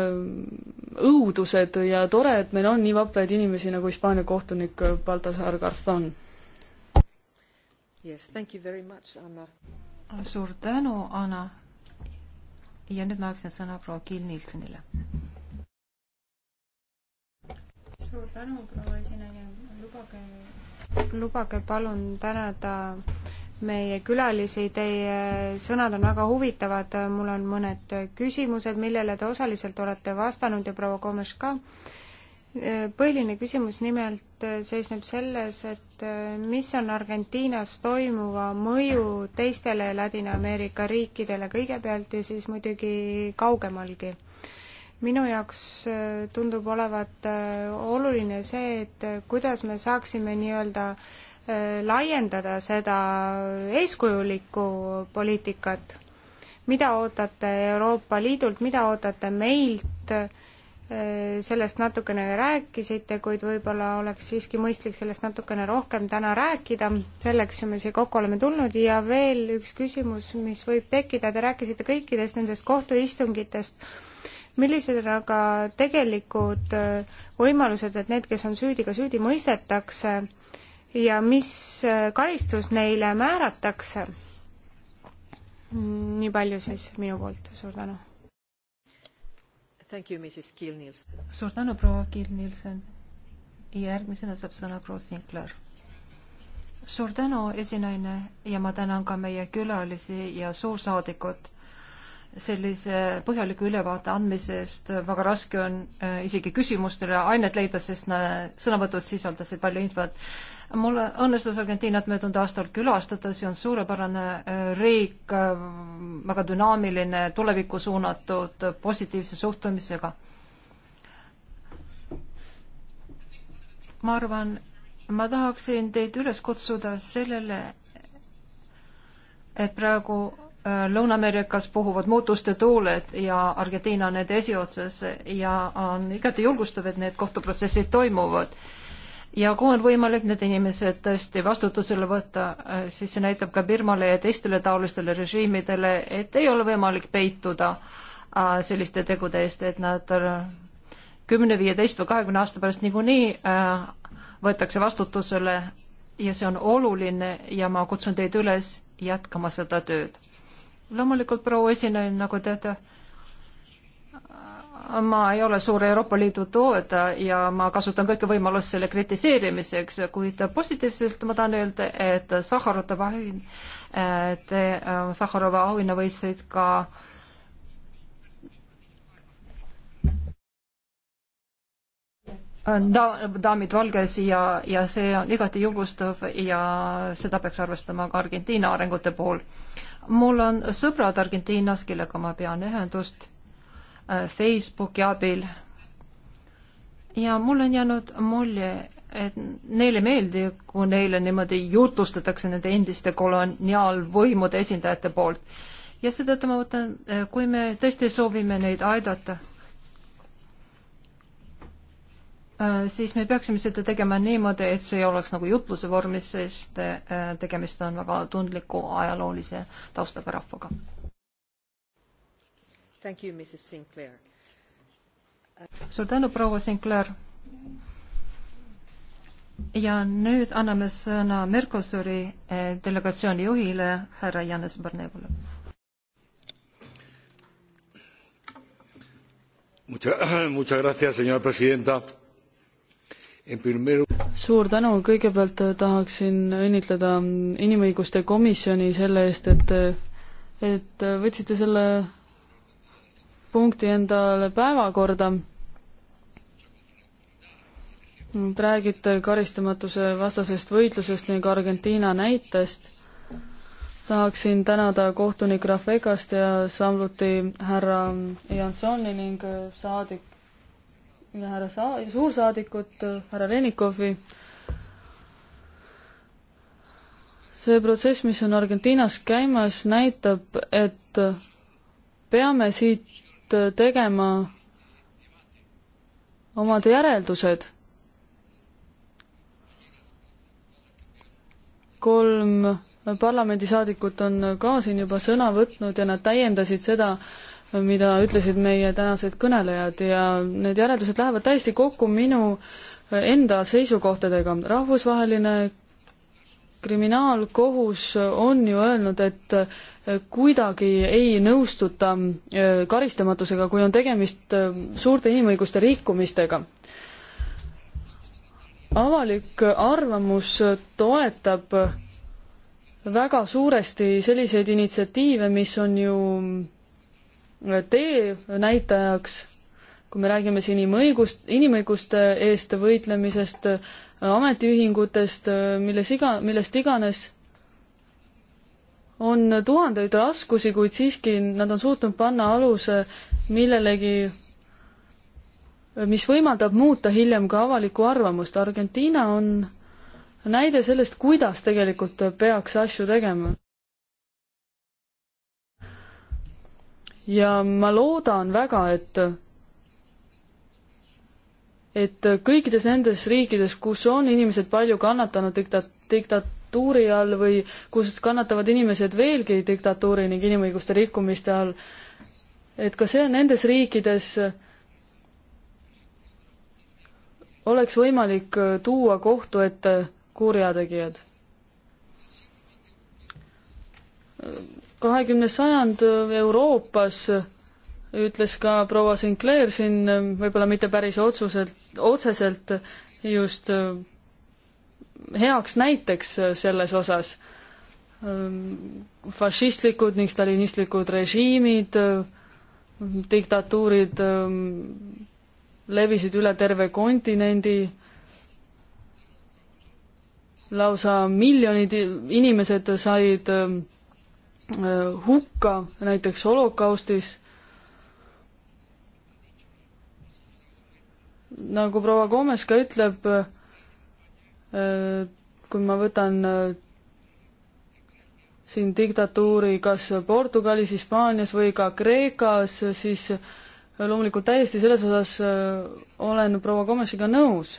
õudused ja tore, et meil on nii vapraid inimesi nagu Hispaania kohtunik Baltasar Garzon. Yes, thank you very much, Anna. suur tänu, Anna. ja nüüd ma annaksin sõna proua Kill Nilssonile suur tänu, proua esineja, lubage, lubage palun tänada meie külalisi, teie sõnad on väga huvitavad, mul on mõned küsimused, millele te osaliselt olete vastanud ja proua Komes ka. põhiline küsimus nimelt seisneb selles, et mis on Argentiinas toimuva mõju teistele Ladina-Ameerika riikidele kõigepealt ja siis muidugi kaugemalgi minu jaoks äh, tundub olevat äh, oluline see, et äh, kuidas me saaksime nii-öelda laiendada seda eeskujulikku poliitikat, mida ootate Euroopa Liidult, mida ootate meilt, sellest natukene rääkisite, kuid võib-olla oleks siiski mõistlik sellest natukene rohkem täna rääkida, selleks ju me siia kokku oleme tulnud ja veel üks küsimus, mis võib tekkida, te rääkisite kõikidest nendest kohtuistungitest, millised on aga tegelikud äh, võimalused, et need, kes on süüdi, ka süüdi mõistetakse ja mis äh, karistus neile määratakse? Mm, nii palju siis minu poolt, suur tänu. suur tänu, proua Kiil-Nielsen. järgmisena saab sõna proua Sinkler suur tänu, esinaine, ja ma tänan ka meie külalisi ja suursaadikut sellise põhjaliku ülevaate andmisest, väga raske on äh, isegi küsimustele ainet leida, sest sõnavõtud sisaldasid palju infot. mul õnnestus Argentiinat möödunud aastal külastada, see on suurepärane äh, riik, äh, väga dünaamiline, tulevikku suunatud, positiivse suhtumisega. ma arvan, ma tahaksin teid üles kutsuda sellele, et praegu Äh, Lõuna-Ameerikas puhuvad muutuste tuuled ja Argentiina on nende esiotsas ja on igati julgustav, et need kohtuprotsessid toimuvad. ja kui on võimalik need inimesed tõesti vastutusele võtta, äh, siis see näitab ka Birmale ja teistele taolistele režiimidele, et ei ole võimalik peituda äh, selliste tegude eest, et nad kümne, viieteist või kahekümne aasta pärast niikuinii võetakse vastutusele ja see on oluline ja ma kutsun teid üles jätkama seda tööd loomulikult proua esineja, nagu teate, ma ei ole suur Euroopa Liidu tooda ja ma kasutan kõiki võimalusi selle kritiseerimiseks, kuid positiivselt ma tahan öelda, et Sahharova auhind, et äh, Sahharova auhinna võitsid ka da-, daamid valges ja, ja see on igati julgustav ja seda peaks arvestama ka Argentiina arengute puhul mul on sõbrad Argentiinas, kellega ma pean ühendust äh, Facebooki abil. ja mul on jäänud mulje, et neile meeldib, kui neile niimoodi jutustatakse nende endiste koloniaalvõimude esindajate poolt. ja seetõttu ma mõtlen, äh, kui me tõesti soovime neid aidata, Äh, siis me peaksime seda tegema niimoodi, et see ei oleks nagu jutluse vormis, sest äh, tegemist on väga tundliku ajaloolise taustaga rahvaga. suur tänu, proua Sinclair. ja nüüd anname sõna Mercosuri äh, delegatsiooni juhile, härra Janes Barnevole. Muchas gracias, señora presidenta suur tänu, kõigepealt äh, tahaksin õnnitleda mm, Inimõiguste Komisjoni selle eest, et, äh, et äh, võtsite selle punkti endale päevakorda. Te räägite karistamatuse vastasest võitlusest ning Argentiina näitest. tahaksin tänada kohtunik Rafegast ja samuti härra Jansoni ning saadik ja härra saa-, suursaadikut, äh, härra Lenikovi. see protsess, mis on Argentiinas käimas, näitab, et peame siit äh, tegema omad järeldused. kolm parlamendisaadikut on ka siin juba sõna võtnud ja nad täiendasid seda, mida ütlesid meie tänased kõnelejad ja need järeldused lähevad täiesti kokku minu enda seisukohtadega. rahvusvaheline kriminaalkohus on ju öelnud, et eh, kuidagi ei nõustuta eh, karistamatusega, kui on tegemist eh, suurte inimõiguste rikkumistega. avalik arvamus toetab väga suuresti selliseid initsiatiive, mis on ju tee näitajaks, kui me räägime siin inimõigust, inimõiguste eest võitlemisest, ametiühingutest, milles iga, millest iganes, on tuhandeid raskusi, kuid siiski nad on suutnud panna aluse millelegi, mis võimaldab muuta hiljem ka avalikku arvamust. Argentiina on näide sellest, kuidas tegelikult peaks asju tegema ja ma loodan väga, et et kõikides nendes riikides, kus on inimesed palju kannatanud dikta-, diktatuuri all või kus kannatavad inimesed veelgi diktatuuri ning inimõiguste rikkumiste all, et ka see, nendes riikides oleks võimalik tuua kohtu ette kurjategijad kahekümne sajand Euroopas ütles ka proua Sinclair siin, võib-olla mitte päris otsuselt, otseselt just äh, heaks näiteks selles osas. Ähm, fašistlikud ning stalinistlikud režiimid, äh, diktatuurid ähm, levisid üle terve kontinendi, lausa miljonid inimesed said ähm, Äh, hukka näiteks holokaustis. nagu proua Gomes ka ütleb, äh, kui ma võtan äh, siin diktatuuri kas Portugalis, Hispaanias või ka Kreekas, siis loomulikult täiesti selles osas olen proua Gomesiga nõus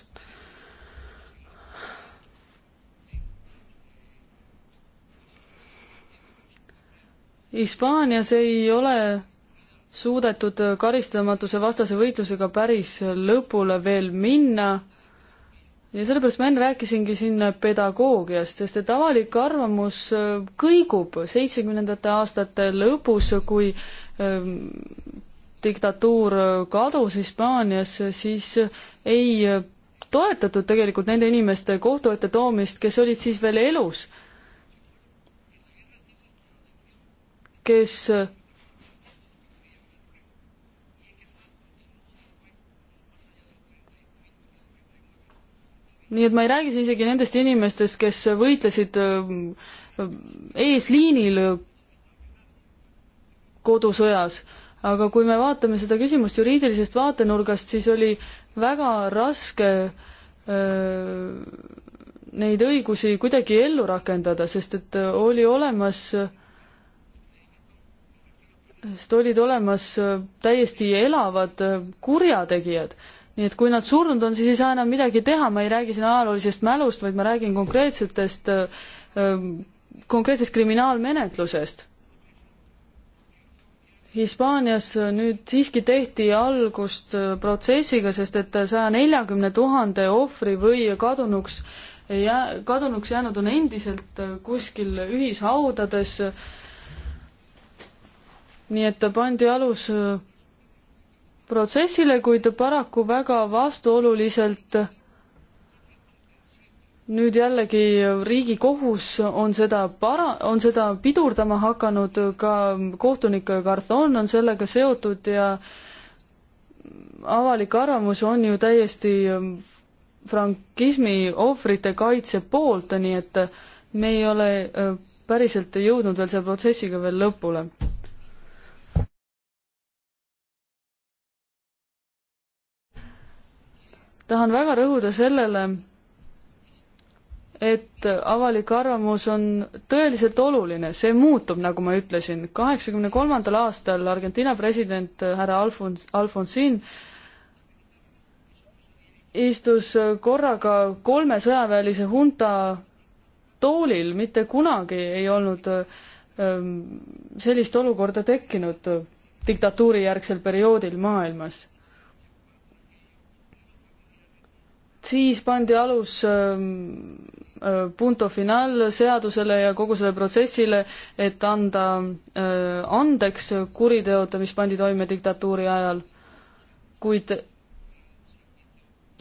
Hispaanias ei ole suudetud karistamatuse vastase võitlusega päris lõpule veel minna ja sellepärast ma enne rääkisingi siin pedagoogiast, sest et avalik arvamus kõigub seitsmekümnendate aastate lõpus, kui ähm, diktatuur kadus Hispaanias, siis ei toetatud tegelikult nende inimeste kohtu ette toomist, kes olid siis veel elus kes nii et ma ei räägi siin isegi nendest inimestest, kes võitlesid äh, eesliinil kodusõjas, aga kui me vaatame seda küsimust juriidilisest vaatenurgast, siis oli väga raske öö, äh, neid õigusi kuidagi ellu rakendada, sest et äh, oli olemas öö, sest olid olemas äh, täiesti elavad äh, kurjategijad. nii et kui nad surnud on, siis ei saa enam midagi teha, ma ei räägi siin ajaloolisest mälust, vaid ma räägin konkreetsetest, äh, konkreetsest kriminaalmenetlusest. Hispaanias nüüd siiski tehti algust protsessiga, sest et saja neljakümne tuhande ohvri või kadunuks jää-, kadunuks jäänud on endiselt kuskil ühishaudades äh, nii et pandi alus äh, protsessile, kuid paraku väga vastuoluliselt nüüd jällegi Riigikohus on seda para-, on seda pidurdama hakanud, ka kohtunik Garthon on sellega seotud ja avalik arvamus on ju täiesti ähm, frankismi ohvrite kaitse poolt, nii et me ei ole äh, päriselt jõudnud veel selle protsessiga veel lõpule tahan väga rõhuda sellele, et avalik arvamus on tõeliselt oluline, see muutub, nagu ma ütlesin. kaheksakümne kolmandal aastal Argentiina president härra Alfons-, Alfonsin istus korraga kolme sõjaväelise hunta toolil, mitte kunagi ei olnud ähm, sellist olukorda tekkinud diktatuurijärgsel perioodil maailmas siis pandi alus ähm, äh, punto finaal seadusele ja kogu sellele protsessile, et anda äh, andeks kuriteod, mis pandi toime diktatuuri ajal. kuid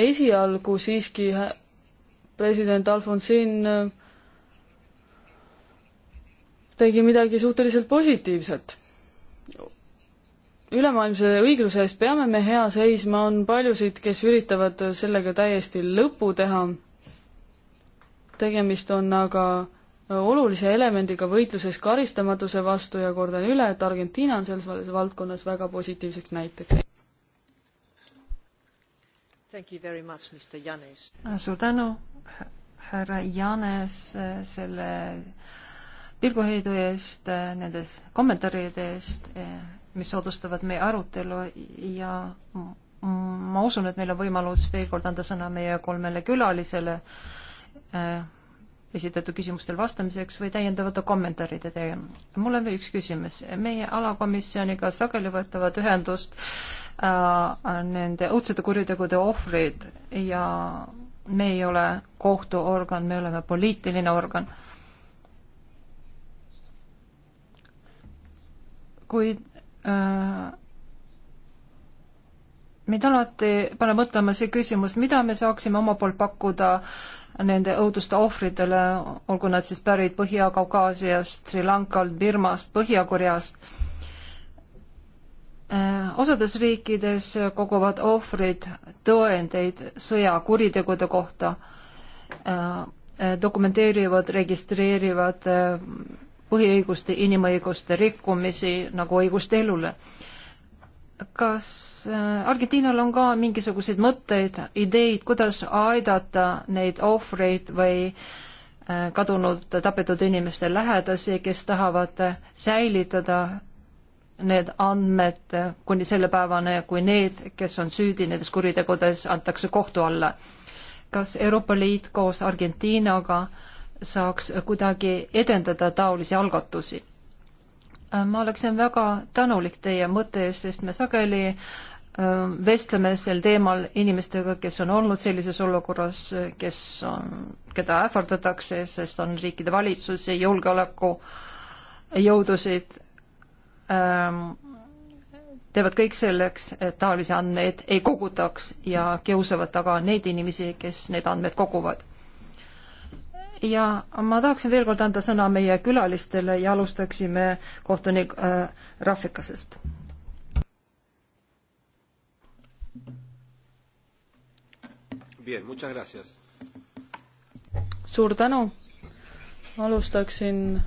esialgu siiski president Alfonsin äh, tegi midagi suhteliselt positiivset ülemaailmse õigluse eest peame me hea seisma, on paljusid, kes üritavad sellega täiesti lõpu teha. tegemist on aga olulise elemendiga võitluses karistamatuse vastu ja kordan üle, et Argentiina on selles valdkonnas väga positiivseks näiteks. suur tänu, härra Janes, selle pilguheidu eest, nendes kommentaaride eest mis soodustavad meie arutelu ja ma usun, et meil on võimalus veel kord anda sõna meie kolmele külalisele äh, esitatud küsimustele vastamiseks või täiendavate kommentaaride tegema. mul on veel üks küsimus. meie alakomisjoniga sageli võtavad ühendust äh, nende õudsete kuritegude ohvrid ja me ei ole kohtuorgan, me oleme poliitiline organ. kuid Äh, meid alati paneb mõtlema see küsimus, mida me saaksime oma poolt pakkuda nende õuduste ohvritele, olgu nad siis pärit Põhja-Kaukaasiast, Sri Lankalt, Birmast, Põhja-Koreast. Äh, osades riikides koguvad ohvrid tõendeid sõjakuritegude kohta, äh, dokumenteerivad, registreerivad põhiõiguste, inimõiguste rikkumisi nagu õigust elule. kas äh, Argentiinal on ka mingisuguseid mõtteid, ideid, kuidas aidata neid ohvreid või äh, kadunud, tapetud inimeste lähedasi, kes tahavad äh, säilitada need andmed kuni selle päevani, kui need, kes on süüdi nendes kuritegudes, antakse kohtu alla. kas Euroopa Liit koos Argentiinaga äh, saaks kuidagi edendada taolisi algatusi. ma oleksin väga tänulik teie mõtte eest, sest me sageli vestleme sel teemal inimestega, kes on olnud sellises olukorras, kes on, keda ähvardatakse, sest on riikide valitsus ja julgeolekujõudusid ähm, teevad kõik selleks, et taolisi andmeid ei kogutaks ja kiusavad taga neid inimesi, kes need andmed koguvad ja ma tahaksin veel kord anda sõna meie külalistele ja alustaksime kohtunik äh, Rafikasest. suur tänu. alustaksin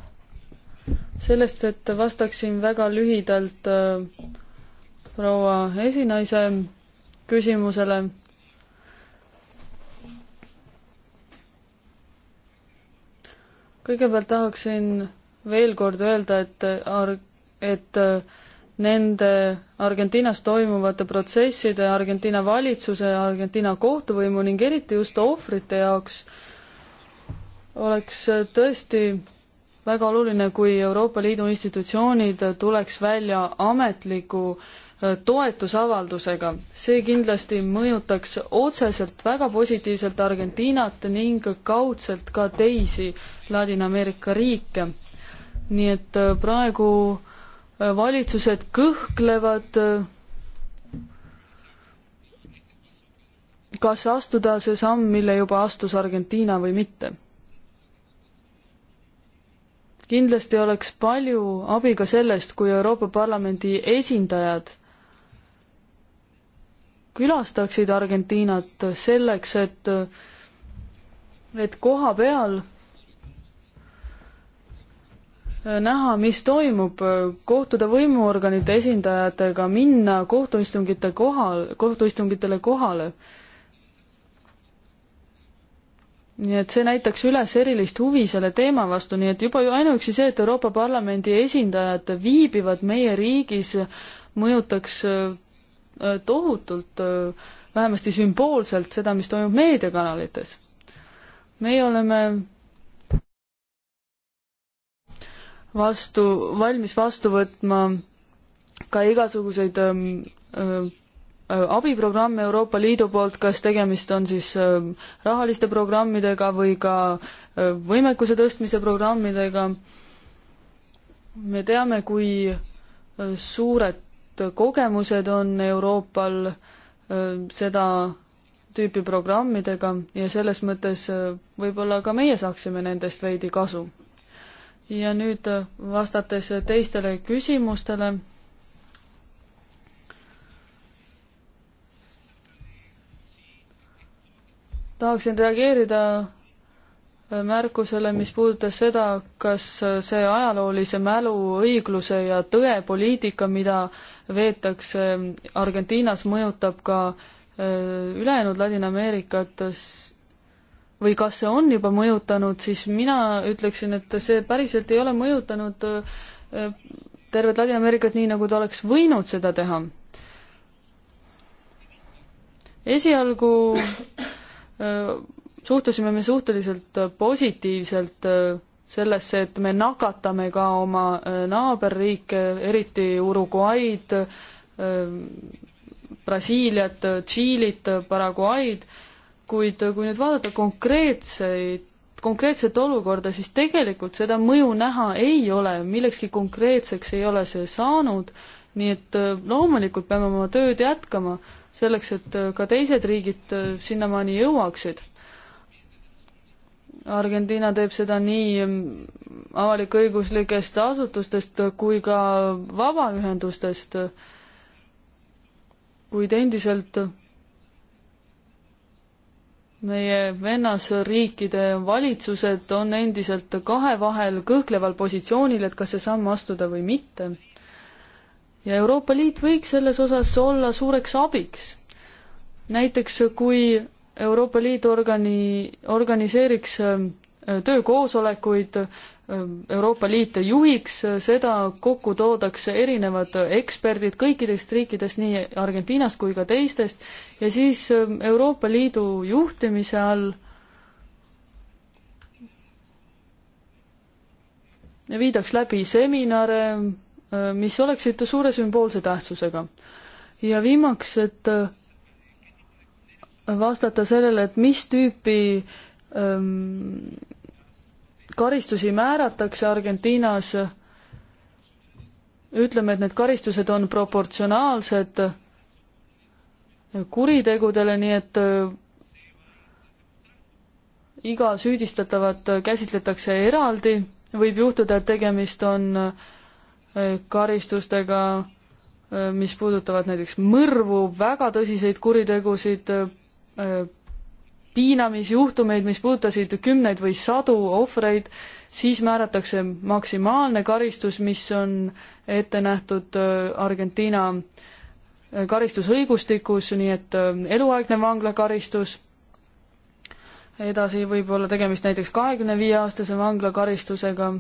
sellest, et vastaksin väga lühidalt äh, proua esinaise küsimusele kõigepealt tahaksin veel kord öelda, et ar-, et äh, nende Argentiinas toimuvate protsesside, Argentiina valitsuse ja Argentiina kohtuvõimu ning eriti just ohvrite jaoks oleks äh, tõesti väga oluline, kui Euroopa Liidu institutsioonid tuleks välja ametliku Äh, toetusavaldusega. see kindlasti mõjutaks otseselt väga positiivselt Argentiinat ning kaudselt ka teisi Ladina-Ameerika riike. nii et äh, praegu äh, valitsused kõhklevad, kas astuda see samm, mille juba astus Argentiina või mitte kindlasti oleks palju abi ka sellest, kui Euroopa Parlamendi esindajad külastaksid Argentiinat selleks, et, et koha peal näha, mis toimub, kohtuda võimuorganite esindajatega, minna kohtuistungite kohal, kohtuistungitele kohale. nii et see näitaks üles erilist huvi selle teema vastu, nii et juba ju ainuüksi see, et Euroopa Parlamendi esindajad viibivad meie riigis, mõjutaks Äh, tohutult, äh, vähemasti sümboolselt, seda, mis toimub meediakanalites. meie oleme vastu, valmis vastu võtma ka igasuguseid ähm, äh, äh abiprogramme Euroopa Liidu poolt, kas tegemist on siis ähm, rahaliste programmidega või ka võimekuse tõstmise programmidega. me teame, kui suured kogemused on Euroopal seda tüüpi programmidega ja selles mõttes võib-olla ka meie saaksime nendest veidi kasu. ja nüüd vastates teistele küsimustele, tahaksin reageerida märkusele, mis puudutas seda, kas see ajaloolise mälu, õigluse ja tõe poliitika, mida veetakse Argentiinas, mõjutab ka äh, ülejäänud Ladina-Ameerikat või kas see on juba mõjutanud, siis mina ütleksin, et see päriselt ei ole mõjutanud äh, tervet Ladina-Ameerikat nii, nagu ta oleks võinud seda teha. esialgu äh, suhtusime me suhteliselt äh, positiivselt äh, sellesse, et me nakatame ka oma äh, naaberriike, eriti Uruguay'd, Brasiiliat, Tšiilit, Paraguay'd, kuid kui nüüd vaadata konkreetseid, konkreetset olukorda, siis tegelikult seda mõju näha ei ole, millekski konkreetseks ei ole see saanud, nii et loomulikult peame oma tööd jätkama, selleks et ka teised riigid sinnamaani jõuaksid Argentiina teeb seda nii avalik-õiguslikest asutustest kui ka vabaühendustest, kuid endiselt meie vennasriikide valitsused on endiselt kahe vahel kõhkleval positsioonil, et kas see samm astuda või mitte. ja Euroopa Liit võiks selles osas olla suureks abiks. näiteks kui Euroopa Liit organi-, organiseeriks äh, töökoosolekuid, äh, Euroopa Liit juhiks äh, seda, kokku toodakse erinevad eksperdid kõikidest riikidest, nii Argentiinast kui ka teistest, ja siis Euroopa Liidu juhtimise all viidaks läbi seminare, mis oleksid suure sümboolse tähtsusega. ja viimaks, et vastata sellele, et mis tüüpi ähm, karistusi määratakse Argentiinas. ütleme, et need karistused on proportsionaalsed kuritegudele, nii et äh, iga süüdistatavat käsitletakse eraldi, võib juhtuda, et tegemist on äh, karistustega, äh, mis puudutavad näiteks mõrvu, väga tõsiseid kuritegusid, Äh, piinamisjuhtumeid, mis puudutasid kümneid või sadu ohvreid, siis määratakse maksimaalne karistus, mis on ette nähtud äh, Argentiina äh, karistusõigustikus, nii et eluaegne vanglakaristus, edasi võib olla tegemist näiteks kahekümne viie aastase vanglakaristusega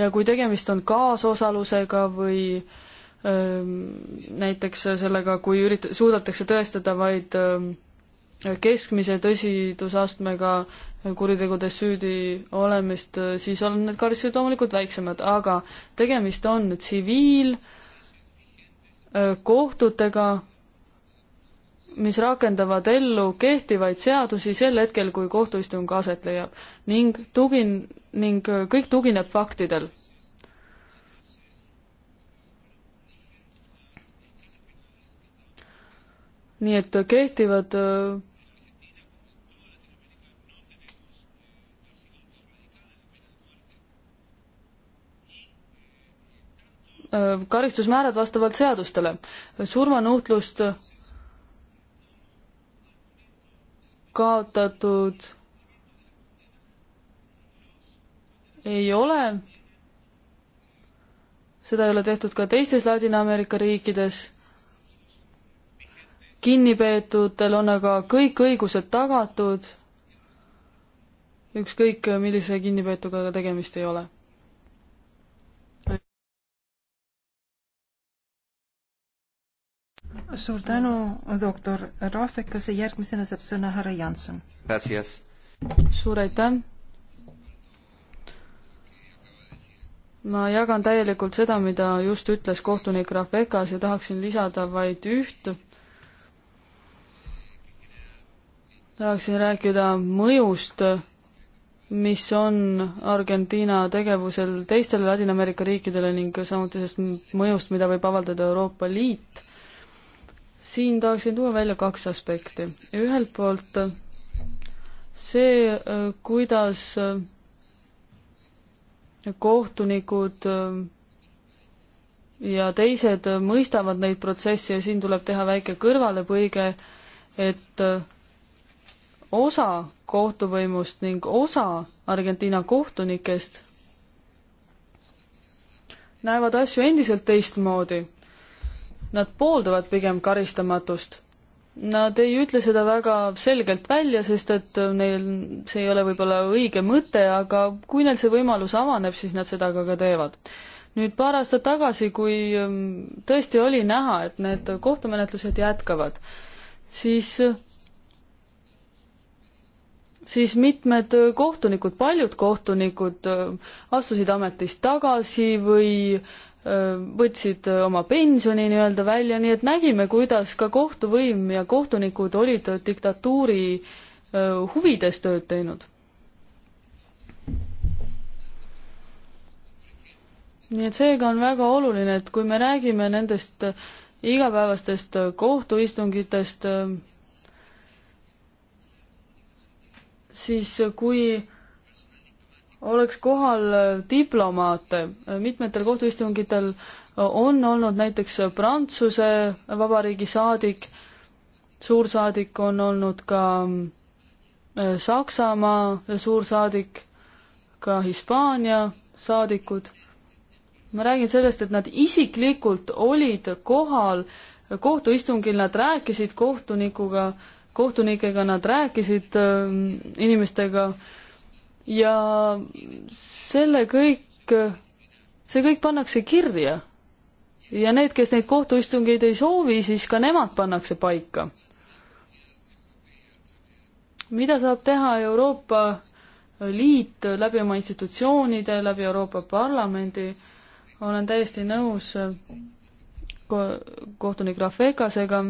ja kui tegemist on kaasosalusega või öö, ähm, näiteks sellega, kui ürit-, suudetakse tõestada vaid öö, ähm, keskmise tõsidusastmega kuritegudes süüdi olemist, siis on need karistused loomulikult väiksemad, aga tegemist on tsiviilkohtutega, äh, mis rakendavad ellu kehtivaid seadusi sel hetkel, kui kohtuistung aset leiab ning tugin- ning äh, kõik tugineb faktidel nii et kehtivad äh, Äh, karistusmäärad vastavalt seadustele. surmanuhtlust kaotatud ei ole. seda ei ole tehtud ka teistes Ladina-Ameerika riikides. kinnipeetutel on aga kõik õigused tagatud, ükskõik millise kinnipeetuga tegemist ei ole suur tänu, doktor Rahvekas ja järgmisena saab sõna härra Janson. suur aitäh. ma jagan täielikult seda, mida just ütles kohtunik Rahvekas ja tahaksin lisada vaid üht tahaksin rääkida mõjust, mis on Argentiina tegevusel teistele Ladina-Ameerika riikidele ning samuti sellest mõjust, mida võib avaldada Euroopa Liit siin tahaksin tuua välja kaks aspekti. ühelt poolt see, kuidas kohtunikud ja teised mõistavad neid protsesse ja siin tuleb teha väike kõrvalepõige, et osa kohtuvõimust ning osa Argentiina kohtunikest näevad asju endiselt teistmoodi Nad pooldavad pigem karistamatust. Nad ei ütle seda väga selgelt välja, sest et neil see ei ole võib-olla õige mõte, aga kui neil see võimalus avaneb, siis nad seda ka, ka teevad. nüüd paar aastat tagasi, kui ähm, tõesti oli näha, et need kohtumenetlused jätkavad, siis siis mitmed kohtunikud, paljud kohtunikud äh, astusid ametist tagasi või äh, võtsid oma pensioni nii-öelda välja, nii et nägime, kuidas ka kohtuvõim ja kohtunikud olid diktatuuri huvides tööd teinud. nii et seega on väga oluline, et kui me räägime nendest igapäevastest kohtuistungitest, siis kui oleks kohal äh, diplomaate, mitmetel kohtuistungitel äh, on olnud näiteks äh, Prantsuse Vabariigi saadik, suursaadik on olnud ka Saksamaa suursaadik, ka Hispaania saadikud. ma räägin sellest, et nad isiklikult olid kohal kohtuistungil, nad rääkisid kohtunikuga, kohtunikega, nad rääkisid inimestega äh, ja selle kõik, see kõik pannakse kirja. ja need, kes neid kohtuistungeid ei soovi, siis ka nemad pannakse paika. mida saab teha Euroopa Liit läbi oma institutsioonide, läbi Euroopa Parlamendi, olen täiesti nõus kohtunik Rafekasega,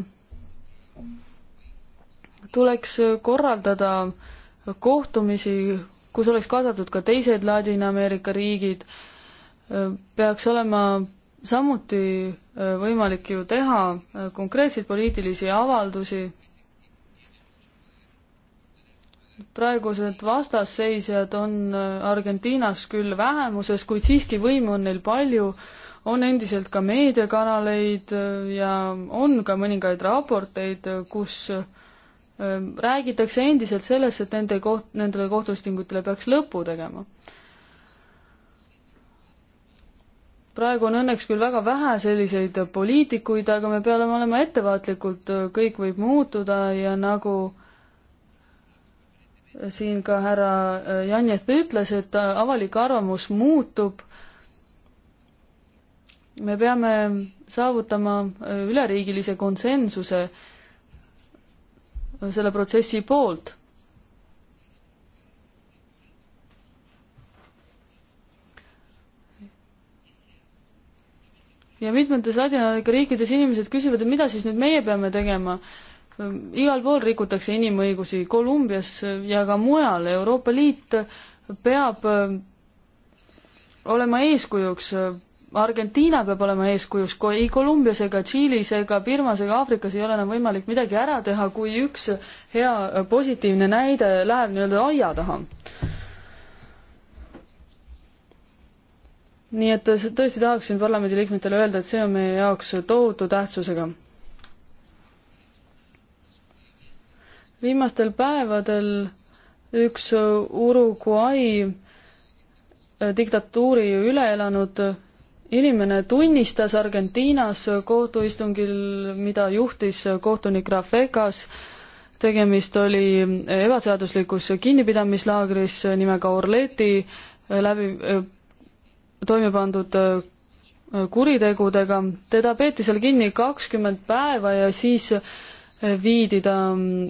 tuleks korraldada kohtumisi kus oleks kaasatud ka teised Ladina-Ameerika riigid, äh, peaks olema samuti äh, võimalik ju teha äh, konkreetseid poliitilisi avaldusi. praegused vastasseisjad on Argentiinas küll vähemuses, kuid siiski võimu on neil palju, on endiselt ka meediakanaleid ja on ka mõningaid raporteid, kus äh, räägitakse endiselt sellest, et nende koht, nendele kohtuistingutele peaks lõpu tegema. praegu on õnneks küll väga vähe selliseid poliitikuid, aga me peame olema ettevaatlikud, kõik võib muutuda ja nagu siin ka härra Janjev ütles, et avalik arvamus muutub. me peame saavutama üleriigilise konsensuse äh, selle protsessi poolt. ja mitmetes Ladina-Ameerika riikides inimesed küsivad, et mida siis nüüd meie peame tegema. igal pool rikutakse inimõigusi, Kolumbias ja ka mujal, Euroopa Liit peab äh, olema eeskujuks äh, Argentiina peab olema eeskujuks, ei Kolumbias ega Tšiilis ega Birmas ega Aafrikas ei ole enam võimalik midagi ära teha, kui üks hea positiivne näide läheb nii-öelda aia taha. nii et tõesti tahaksin parlamendiliikmetele öelda, et see on meie jaoks tohutu tähtsusega. viimastel päevadel üks Uruguay diktatuuri üle elanud inimene tunnistas Argentiinas kohtuistungil, mida juhtis kohtunik Rafegas, tegemist oli ebaseaduslikus kinnipidamislaagris nimega Orleti läbi toime pandud kuritegudega. teda peeti seal kinni kakskümmend päeva ja siis viidi ta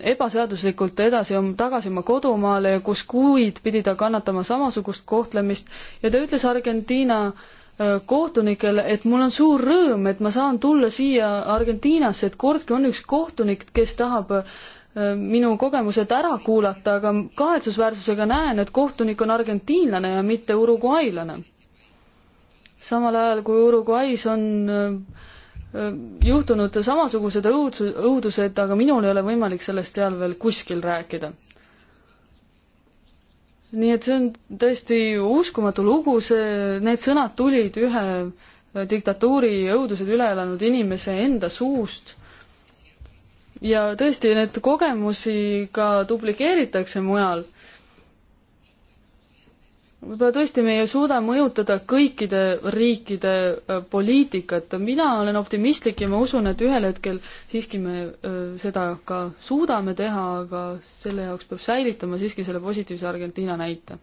ebaseaduslikult edasi, tagasi oma kodumaale, kus kuid pidi ta kannatama samasugust kohtlemist ja ta ütles Argentiina äh, Äh, kohtunikele, et mul on suur rõõm, et ma saan tulla siia Argentiinasse, et kordki on üks kohtunik, kes tahab äh, minu kogemused ära kuulata, aga kahetsusväärsusega näen, et kohtunik on argentiinlane ja mitte uruguaylane. samal ajal kui Uruguay's on äh, juhtunud samasugused õudsu-, õudused, aga minul ei ole võimalik sellest seal veel kuskil rääkida nii et see on tõesti uskumatu lugu, see, need sõnad tulid ühe äh, diktatuuri õudused üle elanud inimese enda suust. ja tõesti, need kogemusi ka duplikeeritakse mujal võib-olla tõesti me ei suuda mõjutada kõikide riikide äh, poliitikat, mina olen optimistlik ja ma usun, et ühel hetkel siiski me äh, seda ka suudame teha, aga selle jaoks peab säilitama siiski selle positiivse Argentiina näite.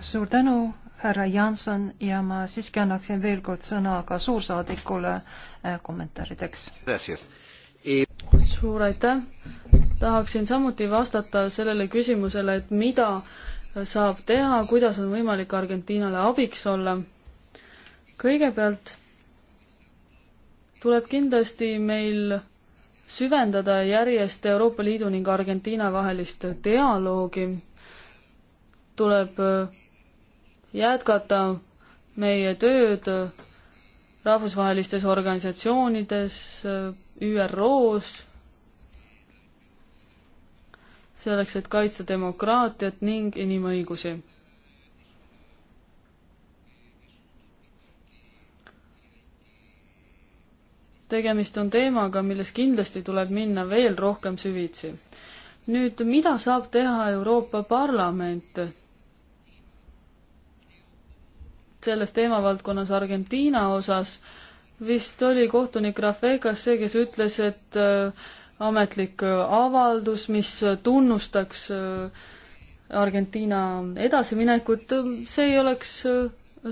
suur tänu, härra Janson, ja ma siiski annaksin veel kord sõna ka suursaadikule äh, kommentaarideks. Eh, suur aitäh! tahaksin samuti vastata sellele küsimusele, et mida saab teha, kuidas on võimalik Argentiinale abiks olla. kõigepealt tuleb kindlasti meil süvendada järjest Euroopa Liidu ning Argentiina vahelist dialoogi, tuleb äh, jätkata meie tööd äh, rahvusvahelistes organisatsioonides, äh, ÜRO-s selleks, et kaitsta demokraatiat ning inimõigusi. tegemist on teemaga, milles kindlasti tuleb minna veel rohkem süvitsi. nüüd, mida saab teha Euroopa Parlament selles teemavaldkonnas Argentiina osas? vist oli kohtunik Rafegas see, kes ütles, et äh, ametlik äh, avaldus, mis äh, tunnustaks äh, Argentiina edasiminekut, see ei oleks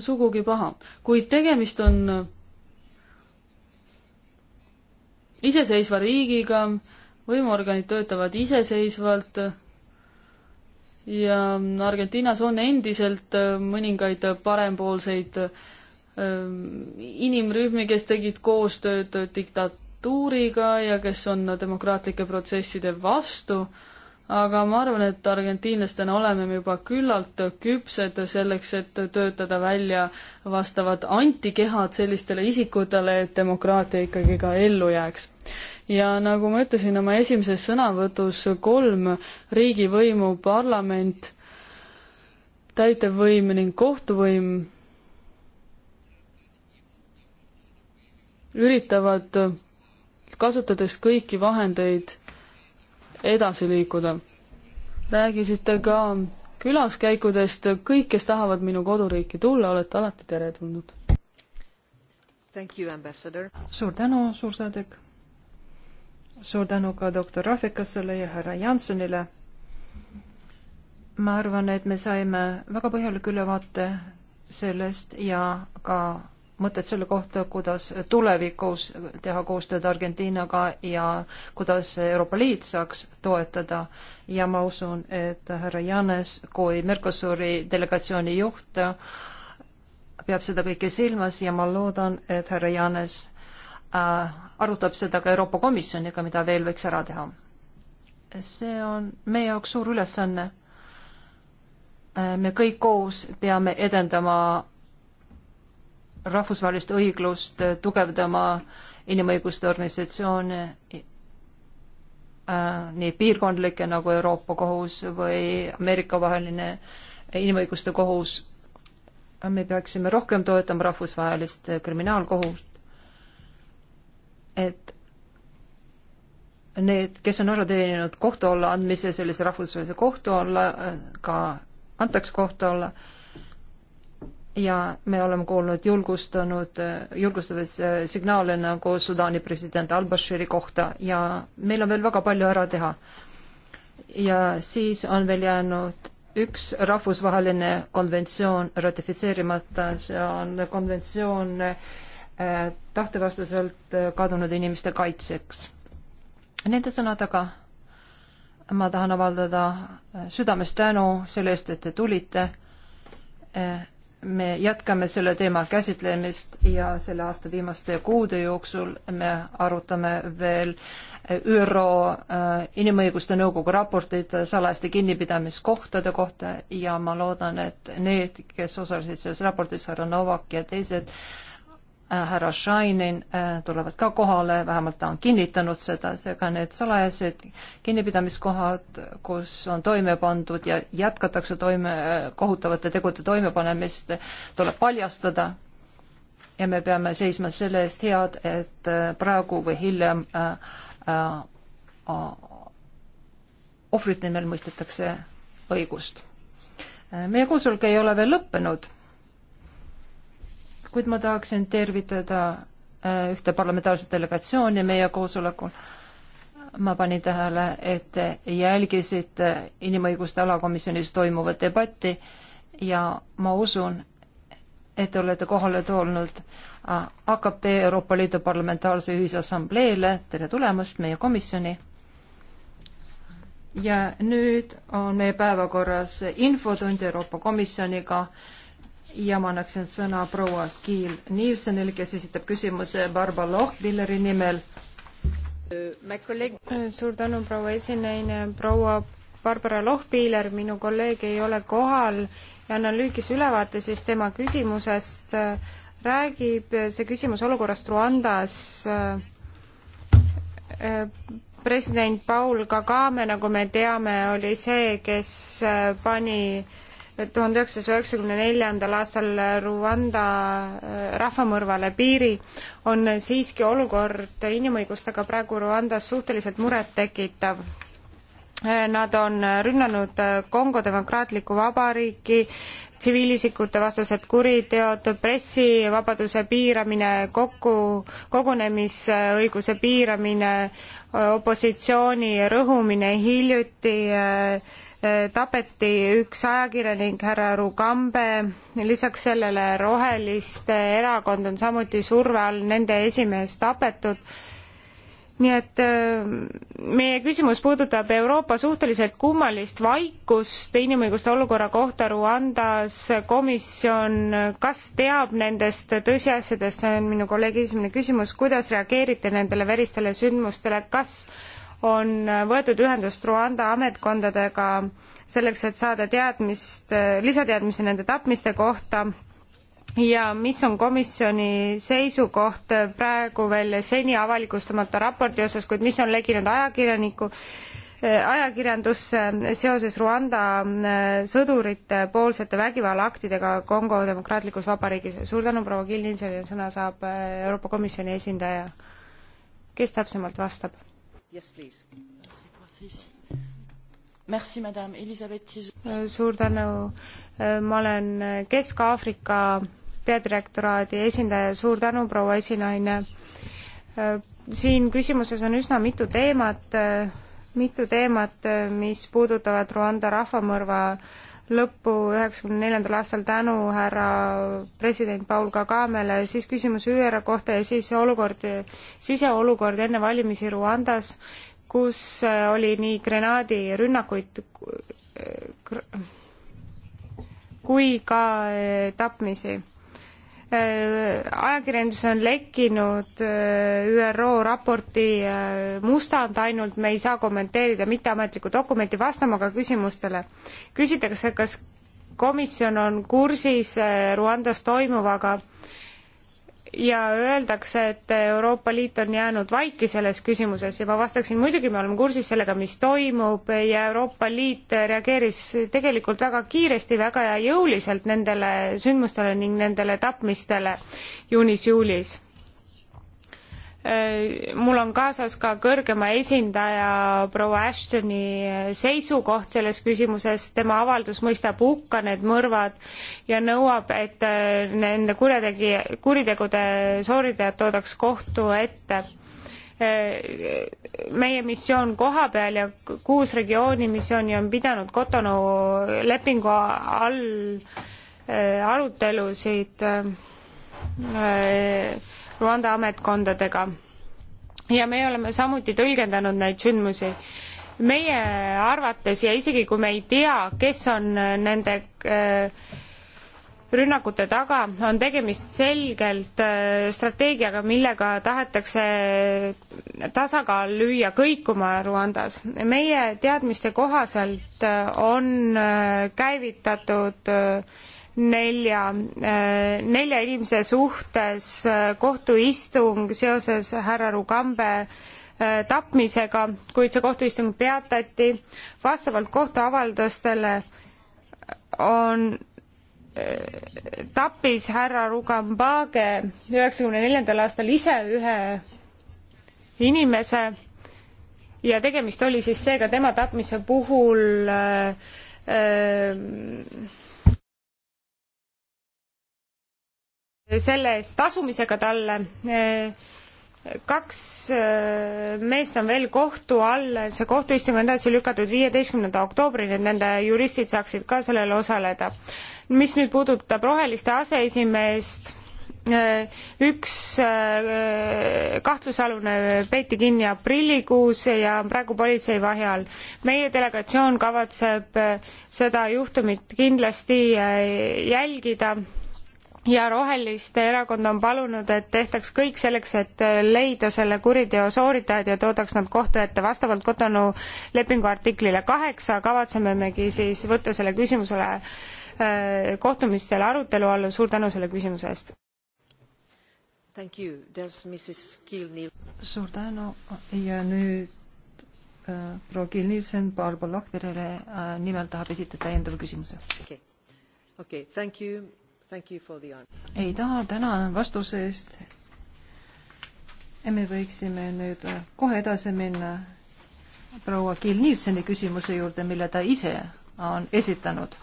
sugugi paha. kuid tegemist on iseseisva riigiga, võimuorganid töötavad iseseisvalt ja Argentiinas on endiselt mõningaid parempoolseid inimrühmi, kes tegid koostööd dikta-, diktatuuriga ja kes on demokraatlike protsesside vastu, aga ma arvan, et argentiinlastena oleme me juba küllalt küpsed selleks, et töötada välja vastavad antikehad sellistele isikutele, et demokraatia ikkagi ka ellu jääks. ja nagu ma ütlesin oma esimeses sõnavõtus, kolm riigivõimu, parlament, täitevvõim ning kohtuvõim üritavad kasutades kõiki vahendeid edasi liikuda. rääkisite ka külaskäikudest, kõik, kes tahavad minu koduriiki tulla, olete alati teretulnud. suur tänu, suursaadik. suur tänu ka doktor Rahvikasele ja härra Jansonile. ma arvan, et me saime väga põhjaliku ülevaate sellest ja ka mõtted selle kohta, kuidas tulevikus teha koostööd Argentiinaga ja kuidas Euroopa Liit saaks toetada ja ma usun, et härra Janes kui Mercosuri delegatsiooni juht peab seda kõike silmas ja ma loodan, et härra Janes äh, arutab seda ka Euroopa Komisjoniga, mida veel võiks ära teha. see on meie jaoks suur ülesanne. Äh, me kõik koos peame edendama rahvusvahelist õiglust tugevdama inimõiguste organisatsioone äh, nii piirkondlikke nagu Euroopa Kohus või Ameerika vaheline inimõiguste kohus. me peaksime rohkem toetama rahvusvahelist kriminaalkohust, et need, kes on ära teeninud kohtu alla andmise sellise rahvusvahelise kohtu alla, äh, ka antaks kohtu alla äh, ja me oleme kuulnud julgustanud, julgustavaid äh, signaale nagu Sudaani president al-Bashiri kohta ja meil on veel väga palju ära teha. ja siis on veel jäänud üks rahvusvaheline konventsioon ratifitseerimata, see on konventsioon äh, tahtevastaselt äh, kadunud inimeste kaitseks. Nende sõnadega ma tahan avaldada südamest tänu selle eest, et te tulite me jätkame selle teema käsitlemist ja selle aasta viimaste kuude jooksul me arutame veel ÜRO äh, Inimõiguste Nõukogu raportit salajaste kinnipidamiskohtade kohta ja ma loodan, et need, kes osalesid selles raportis, härra Novak ja teised, Äh, härra Shainin äh, tulevad ka kohale, vähemalt ta on kinnitanud seda, seega need salajased kinnipidamiskohad, kus on toime pandud ja jätkatakse toime, äh, kohutavate tegude toimepanemist, tuleb paljastada ja me peame seisma selle eest head, et praegu või hiljem ohvrite nimel mõistetakse õigust. meie koosolek ei ole veel lõppenud kuid ma tahaksin tervitada äh, ühte parlamentaarset delegatsiooni meie koosolekul. ma panin tähele, et te jälgisite inimõiguste alakomisjonis toimuvat debatti ja ma usun, et te olete kohale toonud äh, AKP Euroopa Liidu Parlamentaarse Ühisassambleele, tere tulemast meie komisjoni. ja nüüd on meie päevakorras infotund Euroopa Komisjoniga äh, ja ma annaksin sõna proua Kiil Nielsenile, kes esitab küsimuse Barba Lohvilleri nimel. suur tänu, proua esinaine, proua Barbara Lohpiiler, minu kolleeg ei ole kohal ja annan lühikese ülevaate siis tema küsimusest. räägib see küsimus olukorrast Ruandas. president Paul Kagame, nagu me teame, oli see, kes pani tuhande üheksasaja üheksakümne neljandal aastal Rwanda äh, rahvamõrvale piiri, on siiski olukord inimõigustega praegu Rwandas suhteliselt murettekitav. Äh, nad on rünnanud äh, Kongo Demokraatlikku Vabariiki, tsiviilisikute vastased kuriteod, pressivabaduse piiramine, kokku, kogunemisõiguse piiramine, opositsiooni rõhumine hiljuti äh, Eh, tapeti üks ajakirjanik, härra Rugambe, lisaks sellele Roheliste erakond on samuti surve all, nende esimees tapetud. nii et eh, meie küsimus puudutab Euroopa suhteliselt kummalist vaikust inimõiguste olukorra kohta Ruandas. komisjon, kas teab nendest tõsiasjadest, see on minu kolleegi esimene küsimus, kuidas reageerite nendele veristele sündmustele, kas äh, on võetud ühendust Rwanda ametkondadega selleks, et saada teadmist, lisateadmisi nende tapmiste kohta ja mis on komisjoni seisukoht praegu veel seni avalikustamata raporti osas, kuid mis on lekinud ajakirjaniku, ajakirjandusse seoses Rwanda äh, sõdurite poolsete vägivallaaktidega Kongo Demokraatlikus Vabariigis. suur tänu, proua Kilninsel ja sõna saab äh, Euroopa Komisjoni esindaja. kes täpsemalt vastab? Merci, madame Elizabeth Tiso. Äh, suur tänu, äh, ma olen äh, Kesk-Aafrika peadirektoraadi esindaja, suur tänu, proua esinaine. siin küsimuses on üsna mitu teemat, mitu teemat, mis puudutavad Rwanda rahvamõrva lõppu üheksakümne neljandal aastal tänu härra president Paul Kagamele, siis küsimus ÜRO kohta ja siis olukord, siseolukord enne valimisi Ruandas, kus äh, oli nii grenaadirünnakuid äh, kui ka äh, tapmisi Äh, ajakirjandus on lekkinud äh, ÜRO raporti äh, mustand ainult, me ei saa kommenteerida mitteametlikku dokumenti, vastama ka küsimustele. küsitakse, kas komisjon on kursis Ruandas toimuvaga ja öeldakse, et Euroopa Liit on jäänud vaiki selles küsimuses ja ma vastaksin, muidugi me oleme kursis sellega, mis toimub ja Euroopa Liit reageeris tegelikult väga kiiresti, väga jõuliselt nendele sündmustele ning nendele tapmistele juunis-juulis Äh, mul on kaasas ka kõrgema esindaja proua Ashtoni seisukoht selles küsimuses, tema avaldus mõistab hukka need mõrvad ja nõuab, et äh, nende kurjategija, kuritegude sooritajad toodaks kohtu ette. Äh, meie missioon kohapeal ja kuus regiooni missiooni on pidanud Cotonou lepingu all arutelusid Rwanda ametkondadega. ja me oleme samuti tõlgendanud neid sündmusi meie arvates ja isegi kui me ei tea, kes on nende äh, rünnakute taga, on tegemist selgelt äh, strateegiaga, millega tahetakse tasakaal lüüa kõikuma Ruandas. meie teadmiste kohaselt äh, on käivitatud nelja, äh, nelja inimese suhtes äh, kohtuistung seoses härra Rugambe äh, tapmisega, kuid see kohtuistung peatati. vastavalt kohtuavaldustele on tappis härra Rugambage üheksakümne neljandal aastal ise ühe inimese ja tegemist oli siis seega tema tapmise puhul äh, äh, selle eest tasumisega talle. kaks eh, meest on veel kohtu all, see kohtuistung on edasi lükatud viieteistkümnenda oktoobrini, et nende juristid saaksid ka sellel osaleda. mis nüüd puudutab Roheliste aseesimeest, eh, üks eh, kahtlusalune peeti kinni aprillikuus ja on praegu politseivahi all. meie delegatsioon kavatseb seda juhtumit kindlasti jälgida ja Roheliste erakond on palunud, et tehtaks kõik selleks, et leida selle kuriteo sooritajad ja toodaks nad kohtu ette. vastavalt Kotonu lepingu artiklile kaheksa kavatsememegi siis võtta selle küsimusele äh, kohtumistel arutelu alla. suur tänu selle küsimuse eest. suur tänu ja nüüd äh, proua Kill Nielsen Barbara Lohverele äh, nimel tahab esitada täiendava küsimuse okay.. Okay, thank you ei taha, tänan vastuse eest. me võiksime nüüd kohe edasi minna proua Kill Nielseni küsimuse juurde, mille ta ise on esitanud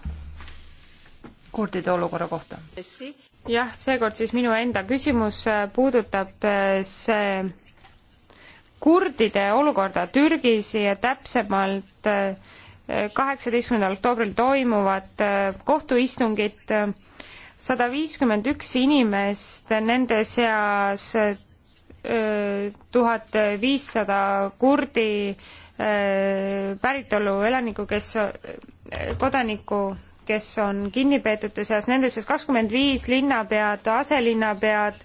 kurdide olukorra kohta. jah, seekord siis minu enda küsimus puudutab äh, see kurdide olukorda Türgis ja täpsemalt äh, kaheksateistkümnendal oktoobril toimuvat äh, kohtuistungit sada viiskümmend üks inimest, nende seas tuhat viissada kurdi päritolu elanikku, kes, kodanikku, kes on kinni peetute seas, nende seas kakskümmend viis linnapead, aselinnapead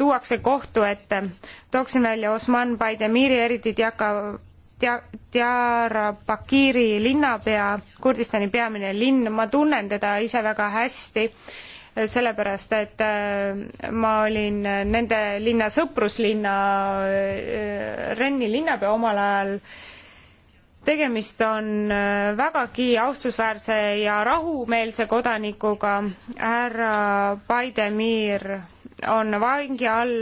tuuakse kohtu ette. tooksin välja Osman Baidemiri, eriti Diaka Diyarbakiri linnapea, Kurdistani peamine linn, ma tunnen teda ise väga hästi, sellepärast et äh, ma olin nende linna sõpruslinna äh, Renni linnapea omal ajal. tegemist on äh, vägagi austusväärse ja rahumeelse kodanikuga, härra Baidemir on vangi all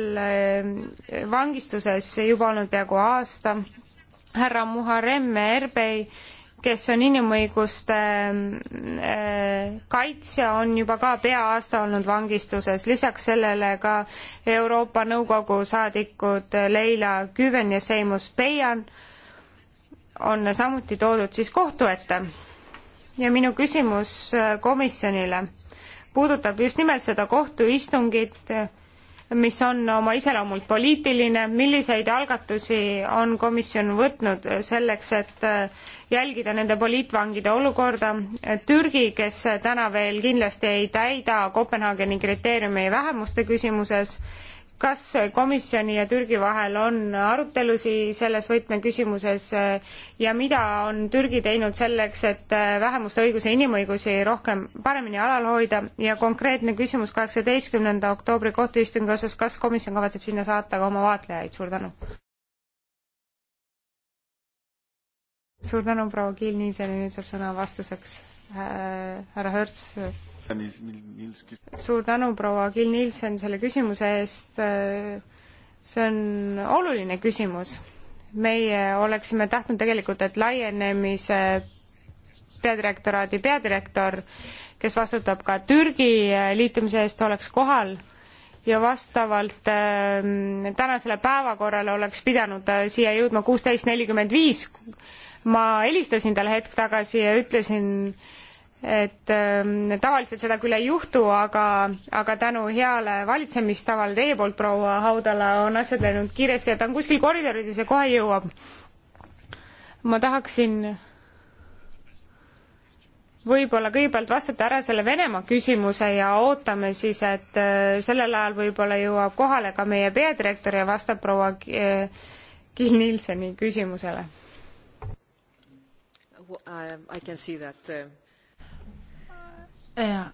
vangistuses juba olnud peaaegu aasta härra Muharem Erbey, kes on inimõiguste äh, kaitsja, on juba ka pea aasta olnud vangistuses. lisaks sellele ka Euroopa Nõukogu saadikud Leila Küven ja Seimus Peian on samuti toodud siis kohtu ette. ja minu küsimus äh, komisjonile puudutab just nimelt seda kohtuistungit, mis on oma iseloomult poliitiline, milliseid algatusi on komisjon võtnud selleks, et äh, jälgida nende poliitvangide olukorda. Türgi, kes täna veel kindlasti ei täida Kopenhaageni kriteeriumi vähemuste küsimuses kas komisjoni ja Türgi vahel on arutelusi selles võtmeküsimuses eh, ja mida on Türgi teinud selleks, et eh, vähemuste õigusi ja inimõigusi rohkem, paremini alal hoida ja konkreetne küsimus kaheksateistkümnenda oktoobri kohtuistungi osas, kas komisjon kavatseb sinna saata ka oma vaatlejaid, suur tänu! suur tänu, proua Kiil-Niiseni, nüüd saab sõna vastuseks äh, härra Hörts suur tänu, proua Gil Nilsson, selle küsimuse eest. see on oluline küsimus. meie oleksime tahtnud tegelikult, et laienemise peadirektoraadi peadirektor, kes vastutab ka Türgi liitumise eest, oleks kohal ja vastavalt äh, tänasele päevakorrale oleks pidanud ta äh, siia jõudma kuusteist nelikümmend viis. ma helistasin talle hetk tagasi ja ütlesin äh, et ähm, tavaliselt seda küll ei juhtu, aga, aga tänu heale valitsemistavale teie poolt, proua Haudala, on asjad läinud kiiresti ja ta on kuskil koridorides ja kohe jõuab. ma tahaksin võib-olla kõigepealt vastata ära selle Venemaa küsimuse ja ootame siis, et äh, sellel ajal võib-olla jõuab kohale ka meie peadirektor ja vastab proua äh, Kill Nielseni küsimusele. I can see that uh ja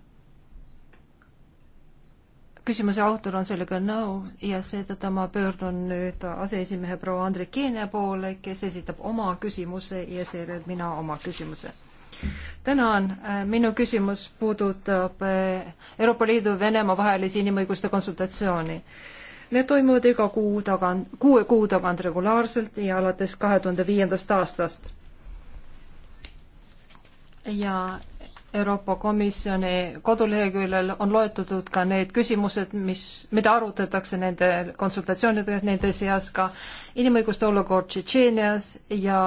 küsimuse autor on sellega nõu ja seetõttu ma pöördun nüüd aseesimehe proua Andrikine poole, kes esitab oma küsimuse ja seejärel mina oma küsimuse. tänan, minu küsimus puudutab eh, Euroopa Liidu ja Venemaa vahelisi inimõiguste konsultatsiooni. Need toimuvad iga kuu tagant, kuue kuu tagant regulaarselt ja alates kahe tuhande viiendast aastast ja Euroopa Komisjoni koduleheküljel on loetletud ka need küsimused, mis, mida arutatakse nende konsultatsioonidega, nende seas ka inimõiguste olukord Tšetšeenias ja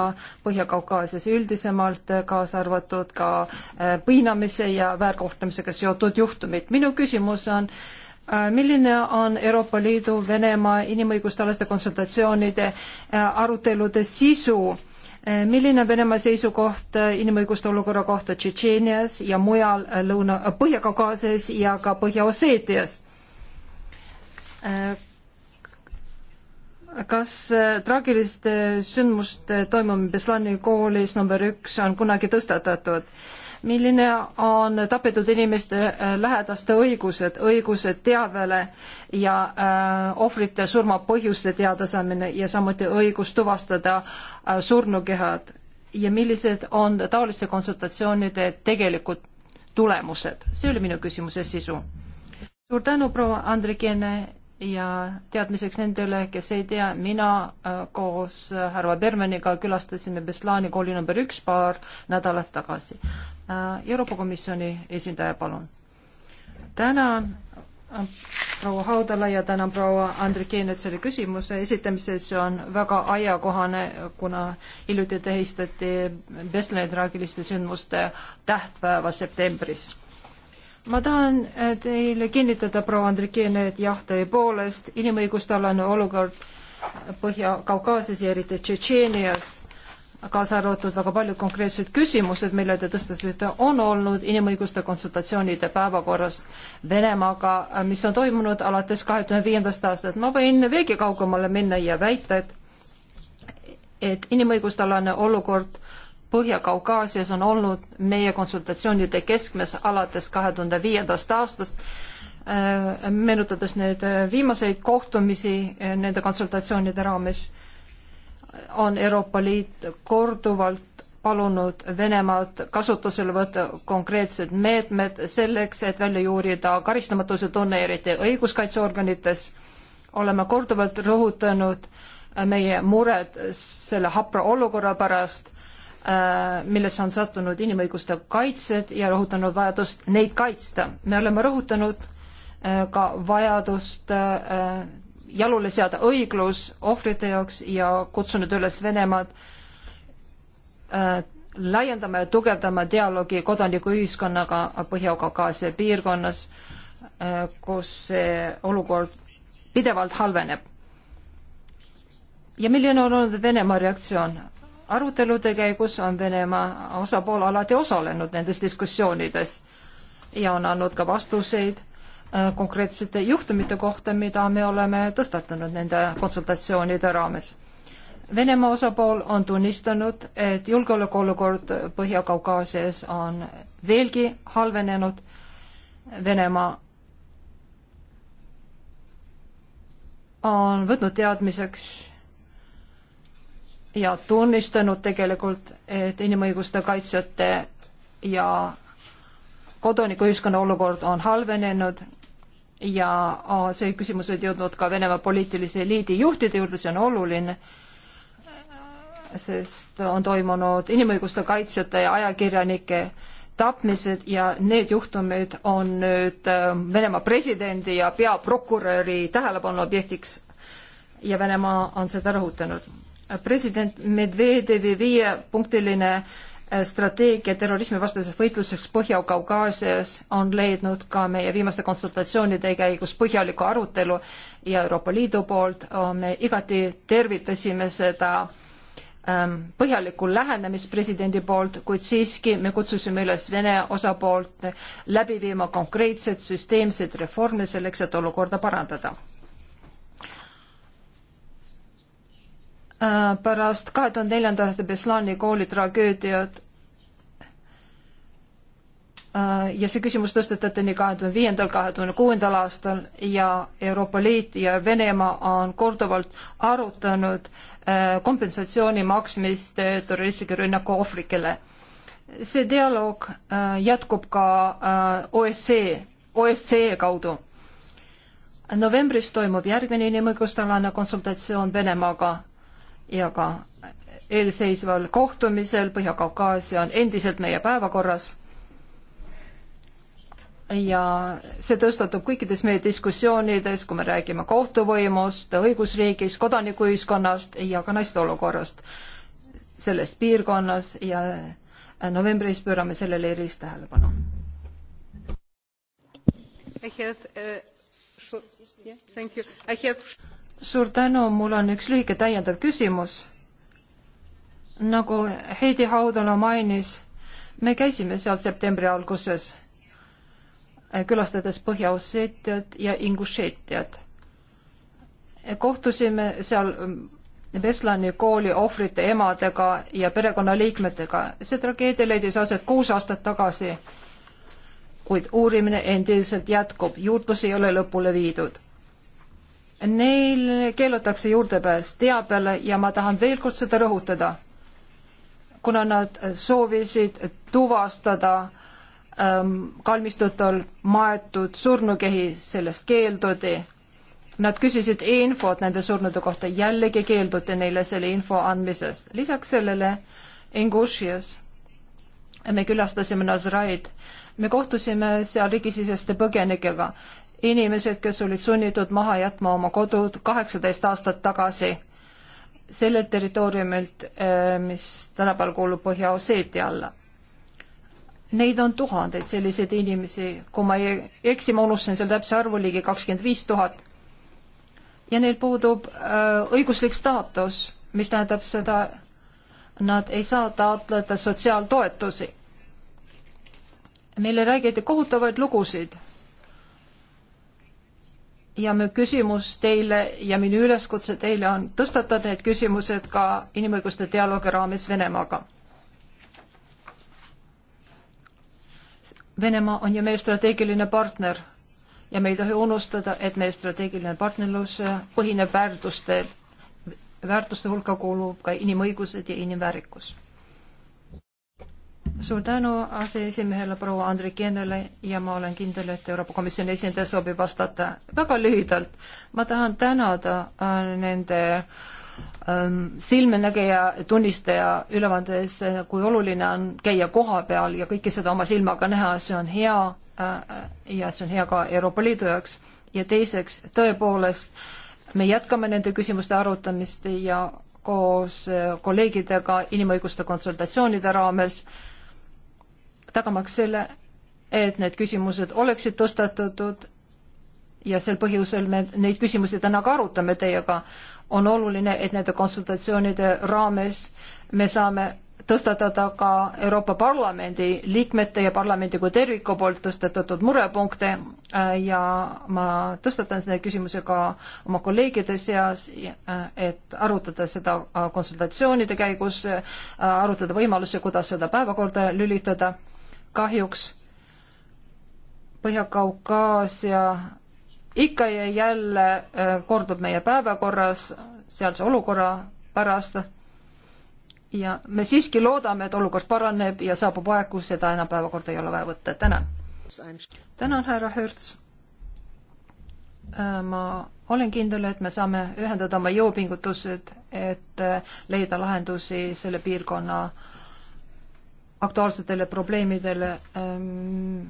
Põhja-Kaukaasias üldisemalt, kaasa arvatud ka äh, piinamise ja väärkohtlemisega seotud juhtumid. minu küsimus on, äh, milline on Euroopa Liidu Venemaa inimõiguste alaste konsultatsioonide äh, arutelude sisu Eh, milline on Venemaa seisukoht eh, inimõiguste olukorra kohta Tšetšeenias ja mujal eh, Lõuna, Põhja-Kaukaasias ja ka Põhja-Osseetias? kas traagiliste sündmuste toimumine Beslani koolis number üks on kunagi tõstatatud? milline on tapetud inimeste äh, lähedaste õigused, õigused teavele ja äh, ohvrite surmapõhjuste teadasaamine ja samuti õigus tuvastada äh, surnukehad ja millised on taoliste konsultatsioonide tegelikud tulemused, see oli minu küsimuse sisu. suur tänu, proua Andrikene ja teadmiseks nendele, kes ei tea, mina äh, koos äh, härra Bermaniga külastasime Beslani kooli number üks paar nädalat tagasi. Äh, Euroopa Komisjoni esindaja, palun. tänan äh, proua Haudala ja tänan proua Andrikeenet selle küsimuse esitamises, see on väga ajakohane, kuna hiljuti tähistati Bessleri traagiliste sündmuste tähtpäeva septembris. ma tahan äh, teile kinnitada, proua Andrikeene, et jah, tõepoolest, inimõiguste alane olukord Põhja-Kaukaasias ja eriti Tšetšeenias kaasa arvatud väga paljud konkreetsed küsimused, mille te tõstasite, on olnud inimõiguste konsultatsioonide päevakorras Venemaaga, mis on toimunud alates kahe tuhande viiendast aastast. ma võin veelgi kaugemale minna ja väita, et et inimõiguste alane olukord Põhja-Kaukaasias on olnud meie konsultatsioonide keskmes alates kahe tuhande viiendast aastast äh, meenutades neid viimaseid kohtumisi äh, nende konsultatsioonide raames on Euroopa Liit korduvalt palunud Venemaad kasutusele võtta konkreetsed meetmed selleks, et välja juurida karistamatuse tunne, eriti õiguskaitseorganites. oleme korduvalt rõhutanud äh, meie mured selle hapra olukorra pärast, äh, millesse on sattunud inimõiguste kaitsjad ja rõhutanud vajadust neid kaitsta. me oleme rõhutanud äh, ka vajadust jalule seada õiglus ohvrite jaoks ja kutsunud üles Venemaad äh, laiendama ja tugevdama dialoogi kodanikuühiskonnaga Põhja-Kaukaasia piirkonnas äh,, kus see olukord pidevalt halveneb. ja milline on olnud Venemaa reaktsioon? arutelude käigus on Venemaa osapool alati osalenud nendes diskussioonides ja on andnud ka vastuseid Äh, konkreetsete juhtumite kohta, mida me oleme tõstatanud nende konsultatsioonide raames. Venemaa osapool on tunnistanud, et julgeolekuolukord Põhja-Kaukaasias on veelgi halvenenud. Venemaa on võtnud teadmiseks ja tunnistanud tegelikult, et inimõiguste kaitsjate ja kodanikuühiskonna olukord on halvenenud ja see küsimus on jõudnud ka Venemaa poliitilise eliidi juhtide juurde, see on oluline, sest on toimunud inimõiguste kaitsjate ja ajakirjanike tapmised ja need juhtumid on nüüd ähm, Venemaa presidendi ja peaprokuröri tähelepanu objektiks ja Venemaa on seda rõhutanud. president Medvedevi viiepunktiline Äh, strateegia terrorismivastases võitluseks Põhja-Kaukaasias on leidnud ka meie viimaste konsultatsioonide käigus põhjaliku arutelu ja Euroopa Liidu poolt äh, me igati tervitasime seda ähm, põhjalikku lähenemist presidendi poolt, kuid siiski me kutsusime üles Vene osapoolt läbi viima konkreetseid süsteemseid reforme selleks, et olukorda parandada Äh, pärast kahe tuhande neljanda aasta Beslani kooli tragöödiat äh, ja see küsimus tõstetati nii kahe tuhande viiendal, kahe tuhande kuuendal aastal ja Euroopa Liit ja Venemaa on korduvalt arutanud äh, kompensatsiooni maksmist terroristliku rünnaku ohvrikele. see dialoog jätkub ka OSCE, OSCE kaudu. novembris toimub järgmine inimõigustealane konsultatsioon Venemaaga ja ka eelseisval kohtumisel Põhja-Kaukaasia on endiselt meie päevakorras. ja see tõstatub kõikides meie diskussioonides, kui me räägime kohtuvõimust, õigusriigist, kodanikuühiskonnast ja ka naiste olukorrast selles piirkonnas ja novembris pöörame sellele erilist tähelepanu. I have uh, short, yeah, thank you. I have suur tänu, mul on üks lühike täiendav küsimus. nagu Heidi Haudala mainis, me käisime seal septembri alguses, eh, külastades Põhja-Osseetiat ja Ingušeetiat. kohtusime seal mm, Veslani kooli ohvrite emadega ja perekonnaliikmetega. see tragöödia leidis aset kuus aastat tagasi, kuid uurimine endiselt jätkub, juurdlusi ei ole lõpule viidud neil keelatakse juurdepääs teabele ja ma tahan veel kord seda rõhutada, kuna nad soovisid tuvastada ähm, kalmistutel maetud surnukehi, sellest keelduti. Nad küsisid e infot nende surnude kohta, jällegi keelduti neile selle info andmisest. lisaks sellele Ingušias me külastasime Nazraid, me kohtusime seal riigisiseste põgenikega inimesed, kes olid sunnitud maha jätma oma kodud kaheksateist aastat tagasi sellelt territooriumilt, eh, mis tänapäeval kuulub Põhja-Osseetia alla. Neid on tuhandeid, selliseid inimesi, kui ma ei eksi, ma unustasin seal täpse arvu, ligi kakskümmend viis tuhat. ja neil puudub äh, õiguslik staatus, mis tähendab seda, nad ei saa taotleda sotsiaaltoetusi. meile räägiti kohutavaid lugusid ja mu küsimus teile ja minu üleskutse teile on tõstatada need küsimused ka inimõiguste dialoogi raames Venemaaga. Venemaa on ju meie strateegiline partner ja me ei tohi unustada, et meie strateegiline partnerlus põhineb väärtustel. väärtuste hulka kuulub ka inimõigused ja inimväärikus suur tänu aseesimehele proua Andrei Kienele ja ma olen kindel, et Euroopa Komisjoni esindaja soovib vastata väga lühidalt. ma tahan tänada äh, nende ähm, silmenägija, tunnistaja ülevaade eest, äh, kui oluline on käia koha peal ja kõike seda oma silmaga näha, see on hea äh, ja see on hea ka Euroopa Liidu jaoks. ja teiseks, tõepoolest, me jätkame nende küsimuste arutamist ja koos kolleegidega inimõiguste konsultatsioonide raames äh, tagamaks selle, et need küsimused oleksid tõstatatud ja sel põhjusel me neid küsimusi täna ka arutame teiega, on oluline, et nende konsultatsioonide raames me saame tõstatada ka Euroopa Parlamendi liikmete ja parlamendi kui terviku poolt tõstatatud murepunkte äh, ja ma tõstatan selle küsimuse ka oma kolleegide seas, äh, et arutada seda äh, konsultatsioonide käigus, arutada võimalusi, kuidas seda päevakorda lülitada kahjuks Põhja-Kaukaasia ikka ja jälle äh, kordub meie päevakorras sealse olukorra pärast. ja me siiski loodame, et olukord paraneb ja saabub aeg, kus seda enam päevakorda ei ole vaja võtta. tänan. tänan, härra Herts. Äh, ma olen kindel, et me saame ühendada oma jõupingutused, et äh, leida lahendusi selle piirkonna äh, aktuaalsetele probleemidele. Ähm,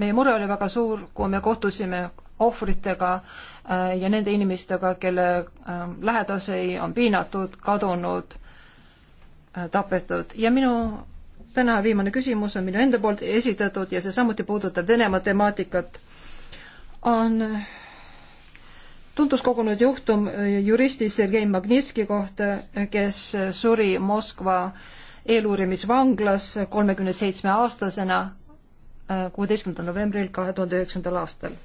meie mure oli väga suur, kui me kohtusime ohvritega äh, ja nende inimestega, kelle ähm, lähedasi on piinatud, kadunud, äh, tapetud ja minu täna viimane küsimus on minu enda poolt esitatud ja see samuti puudutab Venemaa temaatikat, on äh, tuntus kogunud juhtum juristi Sergei Magnitski kohta, kes suri Moskva äh, eeluurimisvanglas kolmekümne seitsme aastasena äh, kuueteistkümnendal novembril kahe tuhande üheksandal aastal.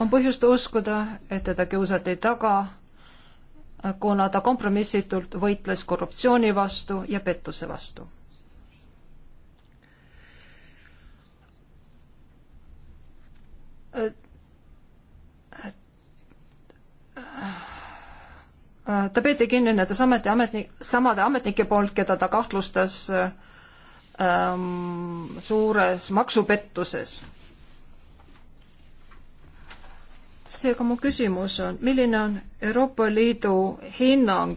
on põhjust uskuda, et teda kiusati taga, äh, kuna ta kompromissitult võitles korruptsiooni vastu ja pettuse vastu. et äh, Äh, ta peeti kinni nende samade ametnik, samade ametnike poolt, keda ta kahtlustas ähm, suures maksupettuses. seega mu küsimus on, milline on Euroopa Liidu hinnang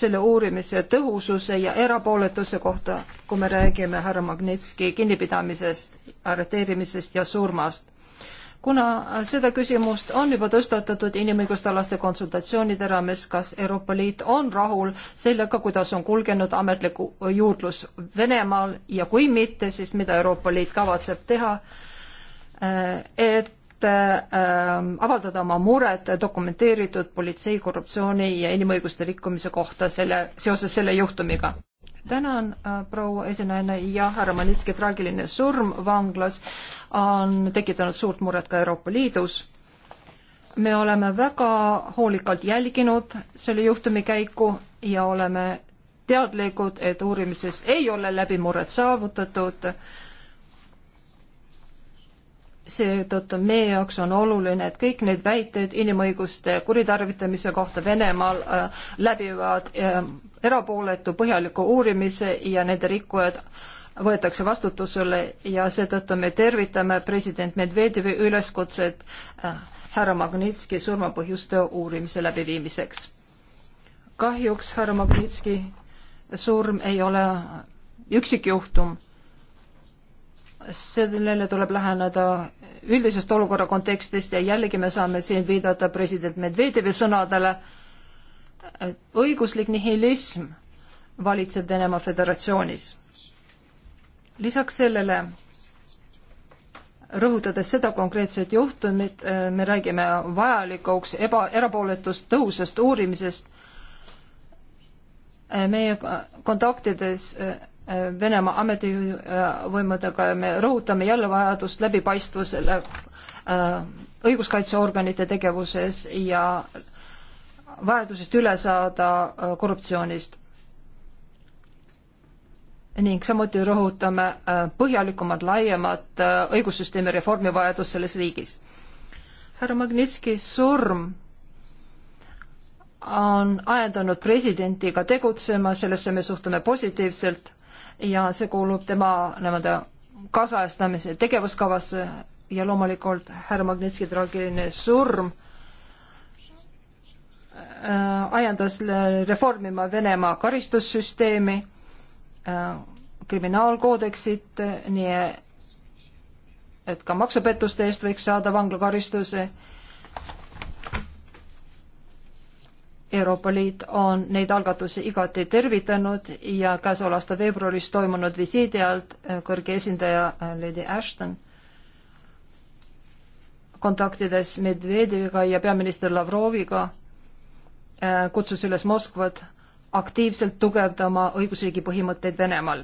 selle uurimise tõhususe ja erapooletuse kohta, kui me räägime härra Magnitski kinnipidamisest, arreteerimisest ja surmast? kuna seda küsimust on juba tõstatatud inimõigustalaste konsultatsioonide raames, kas Euroopa Liit on rahul sellega, kuidas on kulgenud ametlik juurdlus Venemaal ja kui mitte, siis mida Euroopa Liit kavatseb teha, äh, et ähm, avaldada oma mured dokumenteeritud politsei korruptsiooni ja inimõiguste rikkumise kohta selle, seoses selle juhtumiga? tänan, äh, proua esinejana ja härra Manitski traagiline surm vanglas on tekitanud suurt muret ka Euroopa Liidus. me oleme väga hoolikalt jälginud selle juhtumi käiku ja oleme teadlikud, et uurimises ei ole läbimurret saavutatud seetõttu meie jaoks on oluline, et kõik need väited inimõiguste kuritarvitamise kohta Venemaal äh, läbivad äh, erapooletu põhjaliku uurimise ja nende rikkujad võetakse vastutusele ja seetõttu me tervitame president Medvedjevi üleskutset äh, härra Magnitski surmapõhjuste uurimise läbiviimiseks. kahjuks härra Magnitski surm ei ole üksikjuhtum. sellele tuleb läheneda üldisest olukorra kontekstist ja jällegi me saame siin viidata president Medvedjevi sõnadele äh, õiguslik nihilism valitseb Venemaa Föderatsioonis. lisaks sellele, rõhutades seda konkreetset juhtumit, äh, me räägime vajalikuks eba, erapooletust tõhusast uurimisest äh, meie kontaktides äh, Venemaa ametivõimudega ja me rõhutame jälle vajadust läbipaistvusele õiguskaitseorganite tegevuses ja äh, vajadusest üle saada äh, korruptsioonist. ning samuti rõhutame äh, põhjalikumat, laiemat äh, õigussüsteemi reformi vajadust selles riigis. härra Magnitski surm on ajendanud presidenti ka tegutsema, sellesse me suhtume positiivselt ja see kuulub tema nii-öelda kaasajastamise tegevuskavasse ja loomulikult härra Magnitski traagiline surm äh, Äh, ajendas reformima Venemaa karistussüsteemi, äh, kriminaalkoodeksit, nii et ka maksupettuste eest võiks saada vanglakaristuse. Euroopa Liit on neid algatusi igati tervitanud ja käesoleva aasta veebruaris toimunud visiidi alt äh, kõrge esindaja Lady Ashton kontaktides Medvedjeviga ja peaminister Lavroviga Äh, kutsus üles Moskvat aktiivselt tugevdama õigusriigi põhimõtteid Venemaal.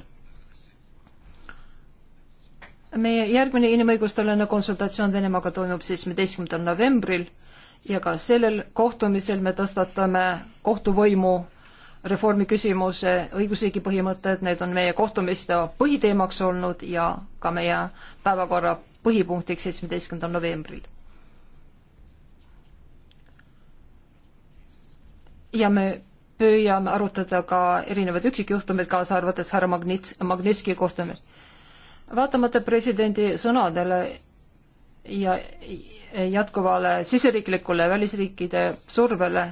meie järgmine inimõigustealane konsultatsioon Venemaaga toimub seitsmeteistkümnendal novembril ja ka sellel kohtumisel me tõstatame kohtuvõimu reformi küsimuse, õigusriigi põhimõtted, need on meie kohtumiste põhiteemaks olnud ja ka meie päevakorra põhipunktiks seitsmeteistkümnendal novembril ja me püüame arutada ka erinevaid üksikjuhtumeid, kaasa arvates härra Magnits-, Magnitski kohtumist. vaatamata presidendi sõnadele ja jätkuvale siseriiklikule välisriikide survele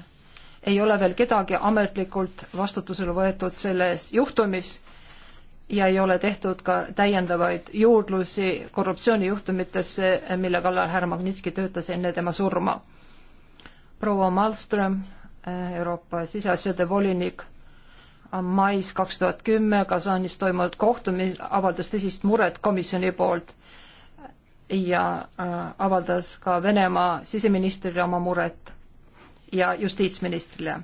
ei ole veel kedagi ametlikult vastutusele võetud selles juhtumis ja ei ole tehtud ka täiendavaid juurdlusi korruptsioonijuhtumitesse, mille kallal härra Magnitski töötas enne tema surma. proua Malmström Äh, Euroopa siseasjade volinik äh, mais kaks tuhat kümme Kasanis toimunud kohtumil avaldas tõsist muret komisjoni poolt ja äh, avaldas ka Venemaa siseministrile oma muret ja justiitsministrile.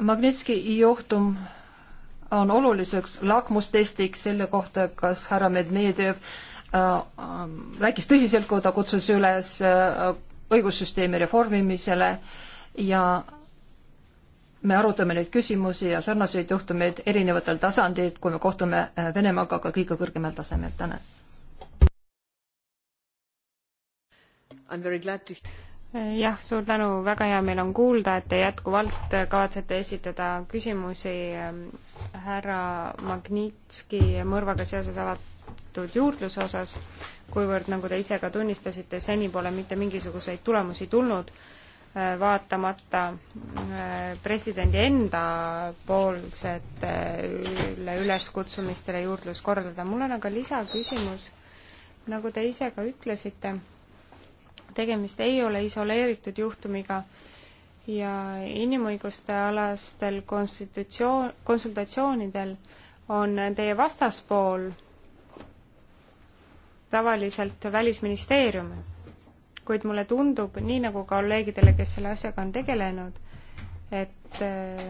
Magnitski juhtum on oluliseks lakmustestiks selle kohta, kas härra Medvedjev äh, äh, rääkis tõsiselt, kui ta kutsus üles äh, õigussüsteemi reformimisele ja me arutame neid küsimusi ja sarnaseid juhtumeid erinevatel tasandil, kui me kohtume äh, Venemaaga ka kõige kõrgemal tasemel. tänan. Äh, jah, suur tänu, väga hea meel on kuulda, et te jätkuvalt kavatsete esitada küsimusi ähm, härra Magnitski mõrvaga seoses avatud juurdluse osas kuivõrd, nagu te ise ka tunnistasite, seni pole mitte mingisuguseid tulemusi tulnud, äh, vaatamata äh, presidendi enda poolsetele üleskutsumistele juurdlus korraldada. mul on aga lisaküsimus, nagu te ise ka ütlesite, tegemist ei ole isoleeritud juhtumiga ja inimõiguste alastel konstitutsioon, konsultatsioonidel on teie vastaspool tavaliselt Välisministeerium. kuid mulle tundub, nii nagu kolleegidele, kes selle asjaga on tegelenud, et äh,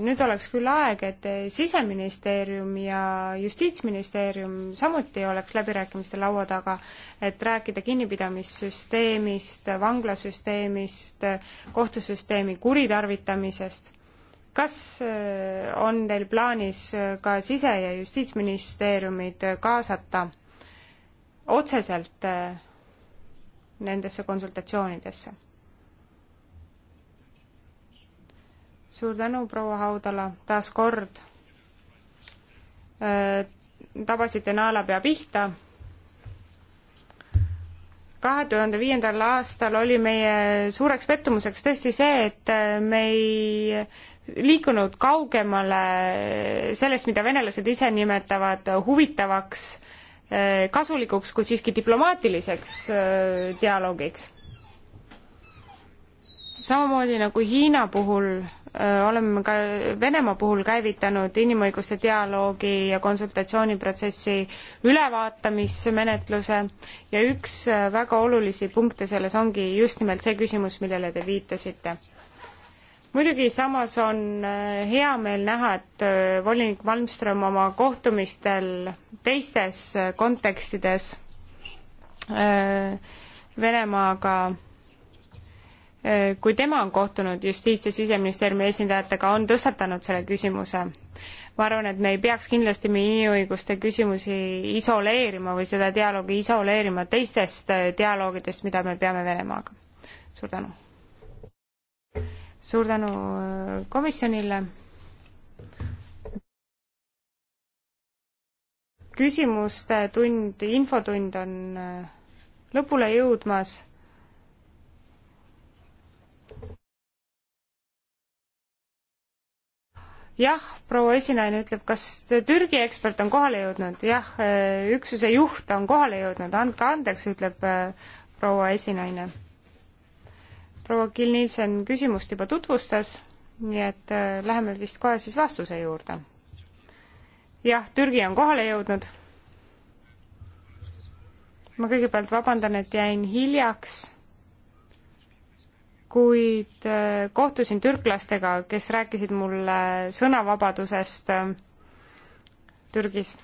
nüüd oleks küll aeg, et Siseministeerium ja Justiitsministeerium samuti oleks läbirääkimiste laua taga, et rääkida kinnipidamissüsteemist, vanglasüsteemist, kohtusüsteemi kuritarvitamisest kas äh, on teil plaanis ka sise- ja justiitsministeeriumid kaasata otseselt äh, nendesse konsultatsioonidesse. suur tänu, proua Haudala, taas kord äh, tabasite naelapea pihta. kahe tuhande viiendal aastal oli meie suureks pettumuseks tõesti see, et äh, me ei liikunud kaugemale sellest, mida venelased ise nimetavad huvitavaks äh, Äh, kasulikuks, kuid siiski diplomaatiliseks äh, dialoogiks. samamoodi nagu Hiina puhul äh, oleme ka Venemaa puhul käivitanud inimõiguste dialoogi ja konsultatsiooniprotsessi ülevaatamismenetluse ja üks väga olulisi punkte selles ongi just nimelt see küsimus, millele te viitasite muidugi samas on äh, hea meel näha, et äh, volinik Malmström oma kohtumistel teistes äh, kontekstides Venemaaga kui tema on kohtunud justiits- ja siseministeeriumi esindajatega, on tõstatanud selle küsimuse. ma arvan, et me ei peaks kindlasti inimõiguste küsimusi isoleerima või seda dialoogi isoleerima teistest dialoogidest, mida me peame Venemaaga. suur tänu! suur tänu äh, komisjonile. küsimuste tund, infotund on äh, lõpule jõudmas jah, proua esinaine ütleb, kas Türgi ekspert on kohale jõudnud? jah, äh, üksuse juht on kohale jõudnud, andke andeks, ütleb proua esinaine proua Gil Nielsen küsimust juba tutvustas, nii et äh, läheme vist kohe siis vastuse juurde. jah, Türgi on kohale jõudnud. ma kõigepealt vabandan, et jäin hiljaks, kuid äh, kohtusin türklastega, kes rääkisid mulle sõnavabadusest äh, Türgis.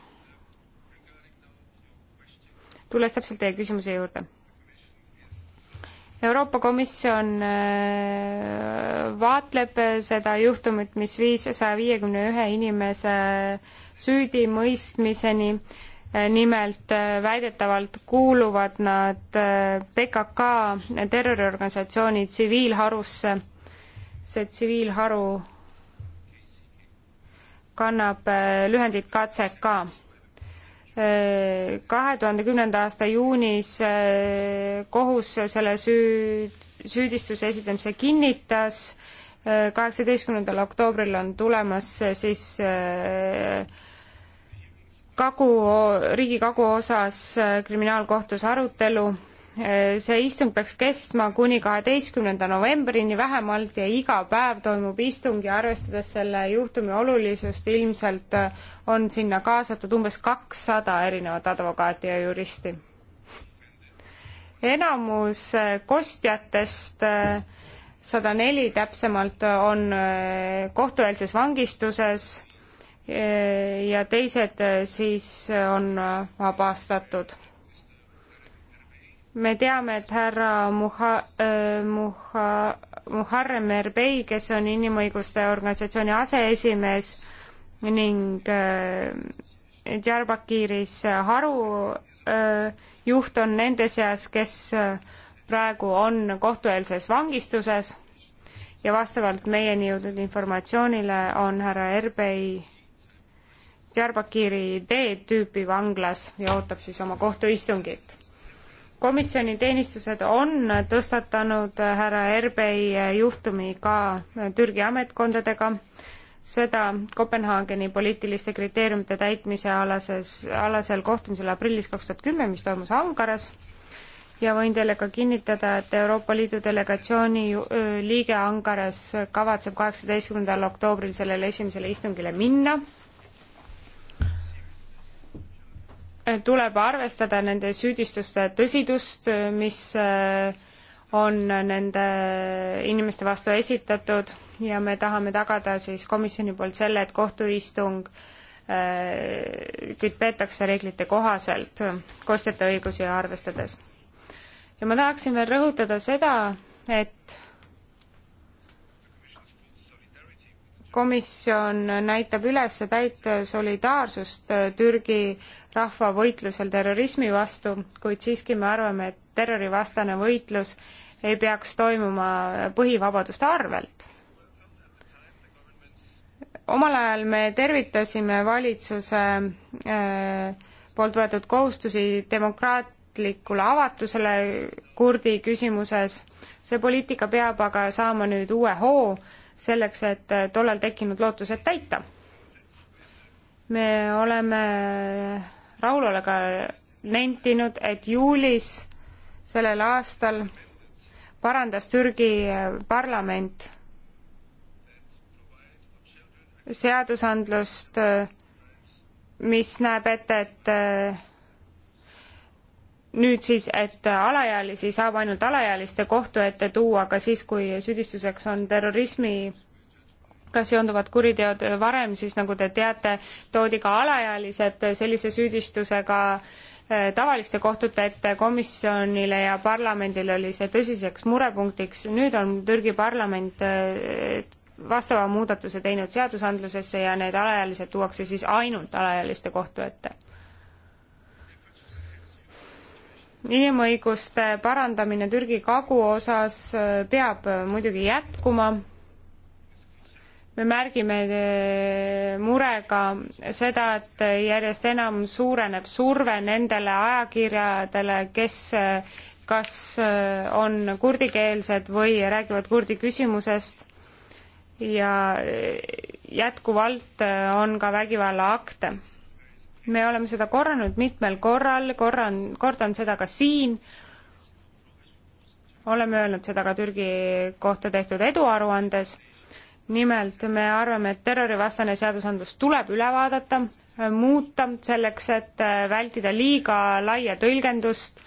tulles täpselt teie küsimuse juurde Euroopa Komisjon äh, vaatleb seda juhtumit, mis viis saja viiekümne ühe inimese süüdimõistmiseni. Äh, nimelt äh, väidetavalt kuuluvad nad PKK terroriorganisatsiooni tsiviilharusse. see tsiviilharu kannab lühendit KCK kahe tuhande kümnenda aasta juunis eh, kohus selle süü, süüdistuse esitamise kinnitas, eh, kaheksateistkümnendal oktoobril on tulemas siis eh, kagu, riigi kagu osas kriminaalkohtus arutelu see istung peaks kestma kuni kaheteistkümnenda novembrini vähemalt ja iga päev toimub istung ja arvestades selle juhtumi olulisust ilmselt on sinna kaasatud umbes kakssada erinevat advokaati ja juristi. enamus äh, kostjatest äh, sada neli täpsemalt äh, on kohtueelses vangistuses ja teised siis on vabastatud. me teame, et härra Muha-, Muha-, Muharrem Erbey, kes on inimõiguste organisatsiooni aseesimees, ning äh, Diyarbakiris haru äh, juht on nende seas, kes äh, praegu on kohtueelses vangistuses ja vastavalt meieni jõudnud informatsioonile on härra Erbey Diyarbakiri D-tüüpi vanglas ja ootab siis oma kohtuistungit. komisjoni teenistused on tõstatanud härra Erbey juhtumi ka Türgi ametkondadega seda Kopenhaageni poliitiliste kriteeriumite täitmise alases, alasel kohtumisel aprillis kaks tuhat kümme, mis toimus Ankaras ja võin teile ka kinnitada, et Euroopa Liidu delegatsiooni liige Ankaras kavatseb kaheksateistkümnendal oktoobril sellele esimesele istungile minna. tuleb arvestada nende süüdistuste tõsidust, mis on nende inimeste vastu esitatud ja me tahame tagada siis komisjoni poolt selle, et kohtuistung äh, kuid peetakse reeglite kohaselt kostjate õigusi arvestades. ja ma tahaksin veel rõhutada seda, et komisjon näitab üles täit solidaarsust Türgi rahva võitlusel terrorismi vastu, kuid siiski me arvame, et terrorivastane võitlus ei peaks toimuma põhivabaduste arvelt omal ajal me tervitasime valitsuse äh, poolt võetud kohustusi demokraatlikule avatusele kurdi küsimuses. see poliitika peab aga saama nüüd uue hoo selleks, et äh, tollal tekkinud lootused täita. me oleme rahulolega nentinud, et juulis sellel aastal parandas Türgi äh, parlament seadusandlust, äh, mis näeb ette, et äh, nüüd siis, et alaealisi saab ainult alaealiste kohtu ette tuua ka siis, kui süüdistuseks on terrorismi ka seonduvad kuriteod varem, siis nagu te teate, toodi ka alaealised sellise süüdistusega äh, tavaliste kohtute ette komisjonile ja parlamendile oli see tõsiseks murepunktiks. nüüd on Türgi parlament vastava muudatuse teinud seadusandlusesse ja need alaealised tuuakse siis ainult alaealiste kohtu ette. inimõiguste parandamine Türgi kagu osas äh, peab äh, muidugi jätkuma. me märgime äh, murega seda, et järjest enam suureneb surve nendele ajakirjadele, kes kas on kurdikeelsed või räägivad kurdi küsimusest ja jätkuvalt äh, on ka vägivallaakte. me oleme seda korranud mitmel korral, korran, kordan seda ka siin, oleme öelnud seda ka Türgi kohta tehtud eduaruandes, nimelt me arvame, et terrorivastane seadusandlus tuleb üle vaadata, muuta selleks, et äh, vältida liiga laia tõlgendust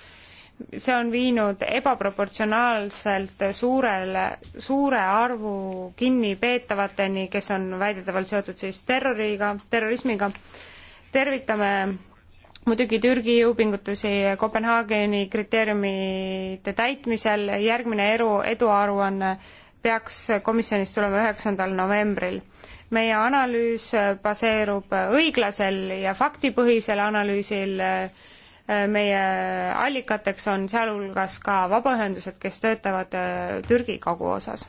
see on viinud ebaproportsionaalselt suurele, suure arvu kinnipeetavateni, kes on väidetavalt seotud siis terroriga, terrorismiga. tervitame muidugi Türgi jõupingutusi Kopenhaageni kriteeriumite täitmisel, järgmine eru, eduaruanne peaks komisjonist tulema üheksandal novembril. meie analüüs baseerub õiglasel ja faktipõhisel analüüsil äh, Äh, meie allikateks on sealhulgas ka vabaühendused, kes töötavad äh, Türgi kaguosas.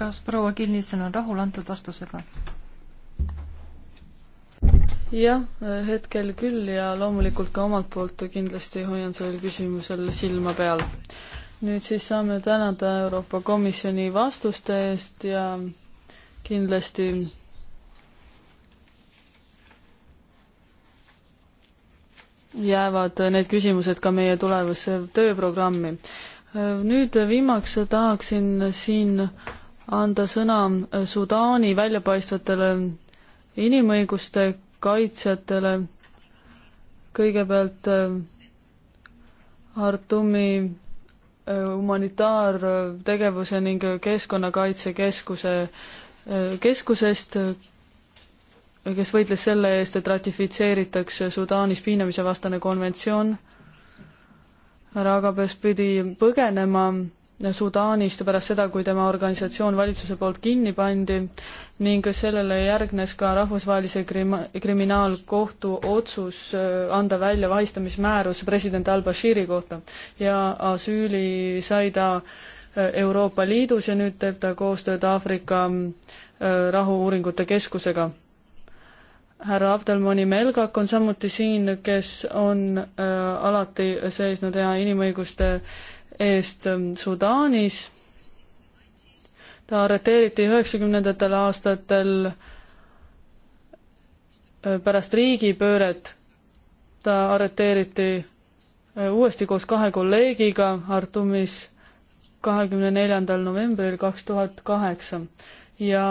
kas proua Kilnilsen on rahul antud vastusega? jah, hetkel küll ja loomulikult ka omalt poolt kindlasti hoian sellel küsimusel silma peal. nüüd siis saame tänada Euroopa Komisjoni vastuste eest ja kindlasti jäävad need küsimused ka meie tulevasse tööprogrammi. nüüd viimaks tahaksin siin anda sõna Sudaani väljapaistvatele inimõiguste kaitsjatele. kõigepealt Hartumi äh, äh, humanitaartegevuse ning Keskkonnakaitsekeskuse keskusest, kes võitles selle eest, et ratifitseeritakse Sudaanis piinamise vastane konventsioon. härra Agabes pidi põgenema Sudaanist pärast seda, kui tema organisatsioon valitsuse poolt kinni pandi ning sellele järgnes ka rahvusvahelise krima-, kriminaalkohtu otsus äh, anda välja vahistamismäärus president al-Bashiri kohta ja asüüli sai ta äh, Euroopa Liidus ja nüüd teeb ta koostööd Aafrika äh, Rahu-uuringute Keskusega. härra Abdelmoni Melgak on samuti siin, kes on äh, alati seisnud hea inimõiguste eest ähm, Sudaanis. ta arreteeriti üheksakümnendatel aastatel äh, pärast riigipööret ta arreteeriti uuesti koos kahe kolleegiga Artumis kahekümne neljandal novembril kaks tuhat kaheksa ja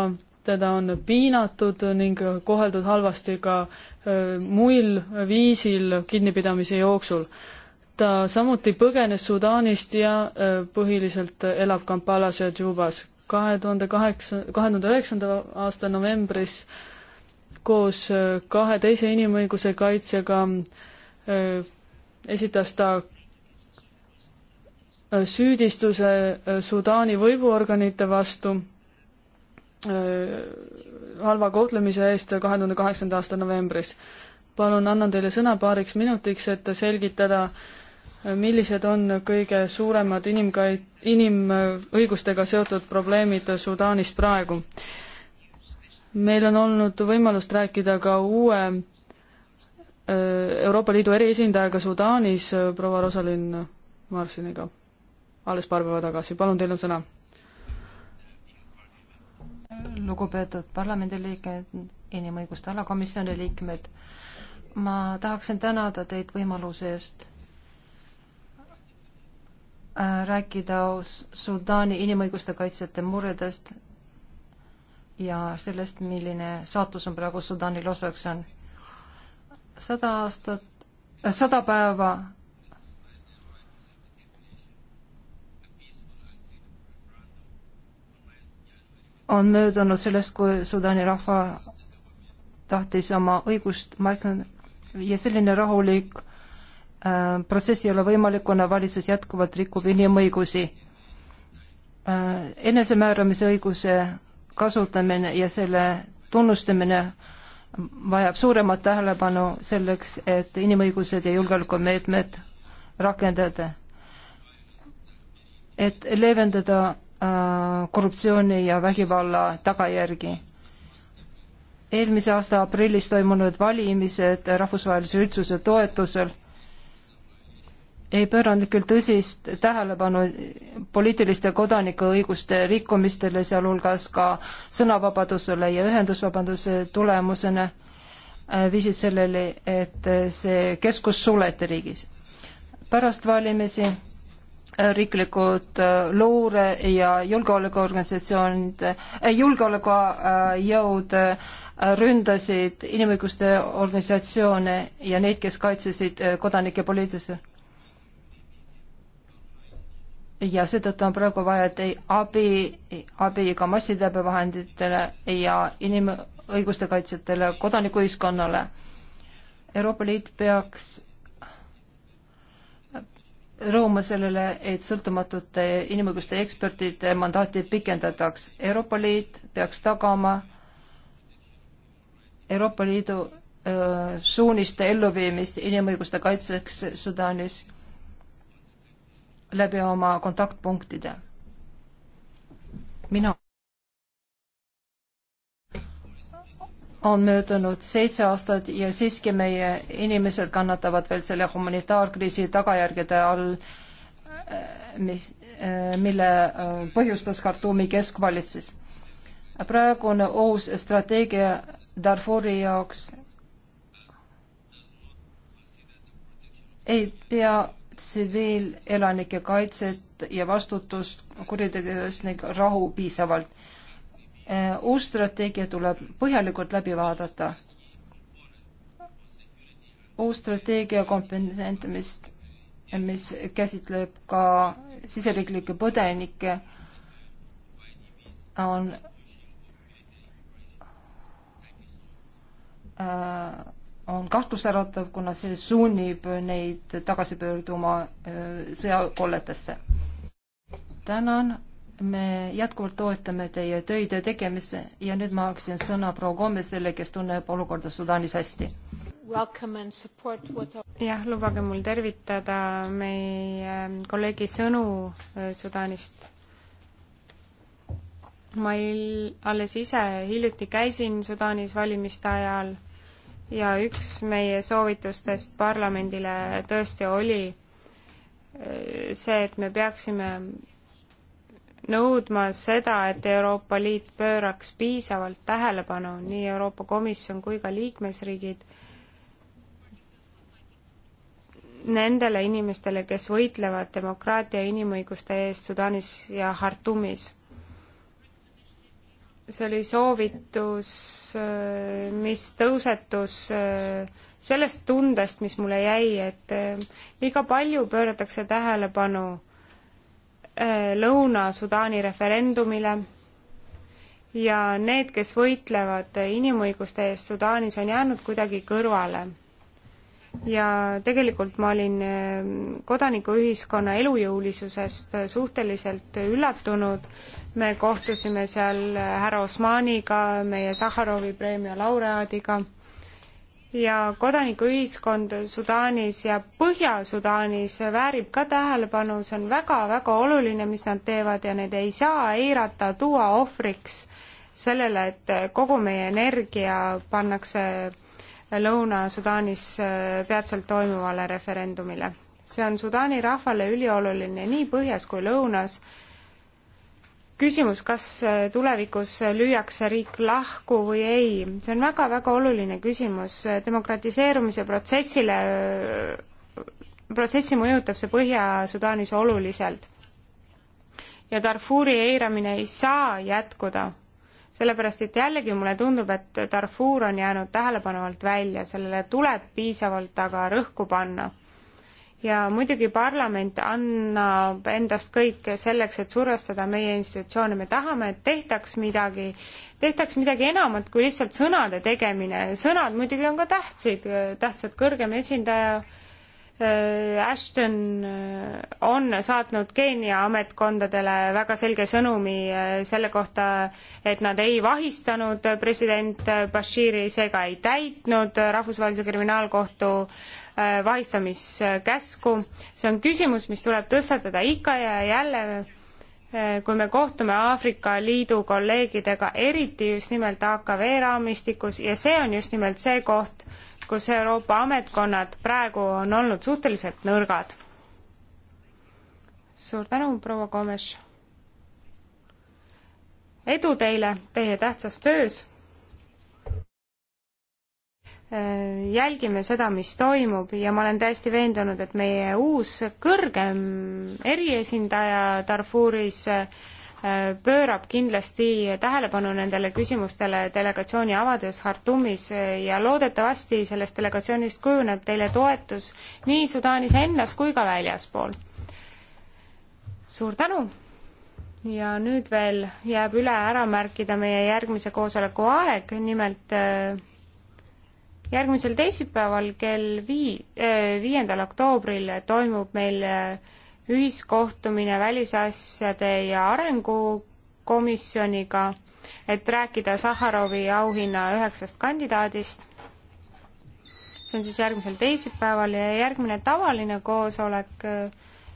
teda on piinatud ning koheldud halvasti ka muil viisil kinnipidamise jooksul. ta samuti põgenes Sudaanist ja põhiliselt elab Kampalas ja Džubas. kahe tuhande kaheksa, kahe tuhande üheksanda aasta novembris koos kahe teise inimõiguse kaitsjaga esitas ta süüdistuse äh, Sudaani võimuorganite vastu äh, halva kohtlemise eest kahe tuhande kaheksanda aasta novembris. palun annan teile sõna paariks minutiks, et selgitada, äh, millised on kõige suuremad inimkait-, inimõigustega seotud probleemid Sudaanis praegu. meil on olnud võimalust rääkida ka uue Euroopa Liidu eriesindajaga Sudaanis, proua Rosalind Marsiniga alles paar päeva tagasi, palun, teil on sõna. lugupeetud parlamendiliikmed, inimõiguste alakomisjoni liikmed, ma tahaksin tänada teid võimaluse eest äh, rääkida Sudaani inimõiguste kaitsjate muredest ja sellest, milline saatus on praegu Sudaanil osaks on. sada aastat, äh, sada päeva on möödunud sellest, kui Sudaani rahva tahtis oma õigust ja selline rahulik äh, protsess ei ole võimalik, kuna valitsus jätkuvalt rikub inimõigusi äh,. enesemääramise õiguse kasutamine ja selle tunnustamine vajab suuremat tähelepanu selleks, et inimõigused ja julgeolekumeetmed rakendada, et leevendada Äh, korruptsiooni ja vägivalla tagajärgi. eelmise aasta aprillis toimunud valimised rahvusvahelise üldsuse toetusel ei pööranud küll tõsist tähelepanu poliitiliste kodanikuõiguste rikkumistele, sealhulgas ka sõnavabadusele ja ühendusvabaduse tulemusena äh, viisid sellele, et see keskus suleti riigis. pärast valimisi riiklikud äh, luure- ja julgeolekuorganisatsioonid, äh, julgeolekujõud äh, ründasid inimõiguste organisatsioone ja neid, kes kaitsesid kodanike poliitilisi. ja seetõttu on praegu vaja teie abi, abi ka massiteabevahenditele ja inimõiguste kaitsjatele, kodanikuühiskonnale. Euroopa Liit peaks rõõmu sellele, et sõltumatute inimõiguste ekspertide mandaati pikendataks. Euroopa Liit peaks tagama Euroopa Liidu öö, suuniste elluviimist inimõiguste kaitseks Sudaanis läbi oma kontaktpunktide. mina on möödunud seitse aastat ja siiski meie inimesed kannatavad veel selle humanitaarkriisi tagajärgede all, äh, mis, äh, mille äh, põhjustas Khartoumi keskvalitsus. praegune uus strateegia Darfuri jaoks ei pea tsiviilelanike kaitset ja vastutust kuritegevuses ning rahu piisavalt Eh, uus strateegia tuleb põhjalikult läbi vaadata. uus strateegia komponent, mis, mis käsitleb ka siseriiklikke põdenikke, on äh, on kahtlusäratav, kuna see sunnib neid tagasi pöörduma eh, sõjakolletesse. tänan, me jätkuvalt toetame teie töide tegemist ja nüüd ma annaksin sõna proua Gomesele, kes tunneb olukorda Sudaanis hästi. jah, lubage mul tervitada meie kolleegi sõnu äh, Sudaanist. ma il-, alles ise hiljuti käisin Sudaanis valimiste ajal ja üks meie soovitustest parlamendile tõesti oli äh, see, et me peaksime nõudma seda, et Euroopa Liit pööraks piisavalt tähelepanu, nii Euroopa Komisjon kui ka liikmesriigid, nendele inimestele, kes võitlevad demokraatia ja inimõiguste eest Sudaanis ja Hartumis. see oli soovitus, mis tõusetus sellest tundest, mis mulle jäi, et eh, liiga palju pööratakse tähelepanu Äh, Lõuna-Sudaani referendumile ja need, kes võitlevad inimõiguste eest Sudaanis, on jäänud kuidagi kõrvale. ja tegelikult ma olin äh, kodanikuühiskonna elujõulisusest suhteliselt üllatunud, me kohtusime seal härra Osmaniga, meie Sahharovi preemia laureaadiga ja kodanikuühiskond Sudaanis ja Põhja-Sudaanis väärib ka tähelepanu, see on väga-väga oluline, mis nad teevad ja neid ei saa eirata, tuua ohvriks sellele, et kogu meie energia pannakse Lõuna-Sudaanis äh, peatselt toimuvale referendumile. see on Sudaani rahvale ülioluline nii põhjas kui lõunas küsimus, kas äh, tulevikus äh, lüüakse riik lahku või ei, see on väga-väga oluline küsimus, demokratiseerumise protsessile, äh, protsessi mõjutab see Põhja-Sudaanis oluliselt. ja Darfuri eiramine ei saa jätkuda, sellepärast et jällegi mulle tundub, et Darfur on jäänud tähelepanu alt välja, sellele tuleb piisavalt aga rõhku panna ja muidugi parlament annab endast kõik selleks, et survestada meie institutsioone, me tahame, et tehtaks midagi, tehtaks midagi enamat kui lihtsalt sõnade tegemine, sõnad muidugi on ka tähtsid, tähtsad kõrgem esindaja äh, Äh, Ashton äh, on saatnud Keenia ametkondadele väga selge sõnumi äh, selle kohta, et nad ei vahistanud president Bashiri, seega ei täitnud Rahvusvahelise Kriminaalkohtu vahistamiskäsku. see on küsimus, mis tuleb tõstatada ikka ja jälle, kui me kohtume Aafrika Liidu kolleegidega, eriti just nimelt AKV raamistikus ja see on just nimelt see koht, kus Euroopa ametkonnad praegu on olnud suhteliselt nõrgad. suur tänu, proua Komes! edu teile teie tähtsas töös! jälgime seda, mis toimub ja ma olen täiesti veendunud, et meie uus kõrgem eriesindaja Darfuris pöörab kindlasti tähelepanu nendele küsimustele delegatsiooni avades Hartumis ja loodetavasti sellest delegatsioonist kujuneb teile toetus nii Sudaanis endas kui ka väljaspool. suur tänu! ja nüüd veel jääb üle ära märkida meie järgmise koosoleku aeg, nimelt äh, järgmisel teisipäeval kell vii-, äh, viiendal oktoobril toimub meil äh, ühiskohtumine välisasjade ja arengukomisjoniga, et rääkida Saharovi auhinna üheksast kandidaadist. see on siis järgmisel teisipäeval ja järgmine tavaline koosolek äh,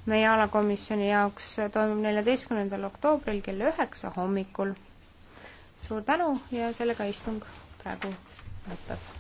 meie alakomisjoni jaoks toimub neljateistkümnendal oktoobril kell üheksa hommikul. suur tänu ja sellega istung praegu lõpeb.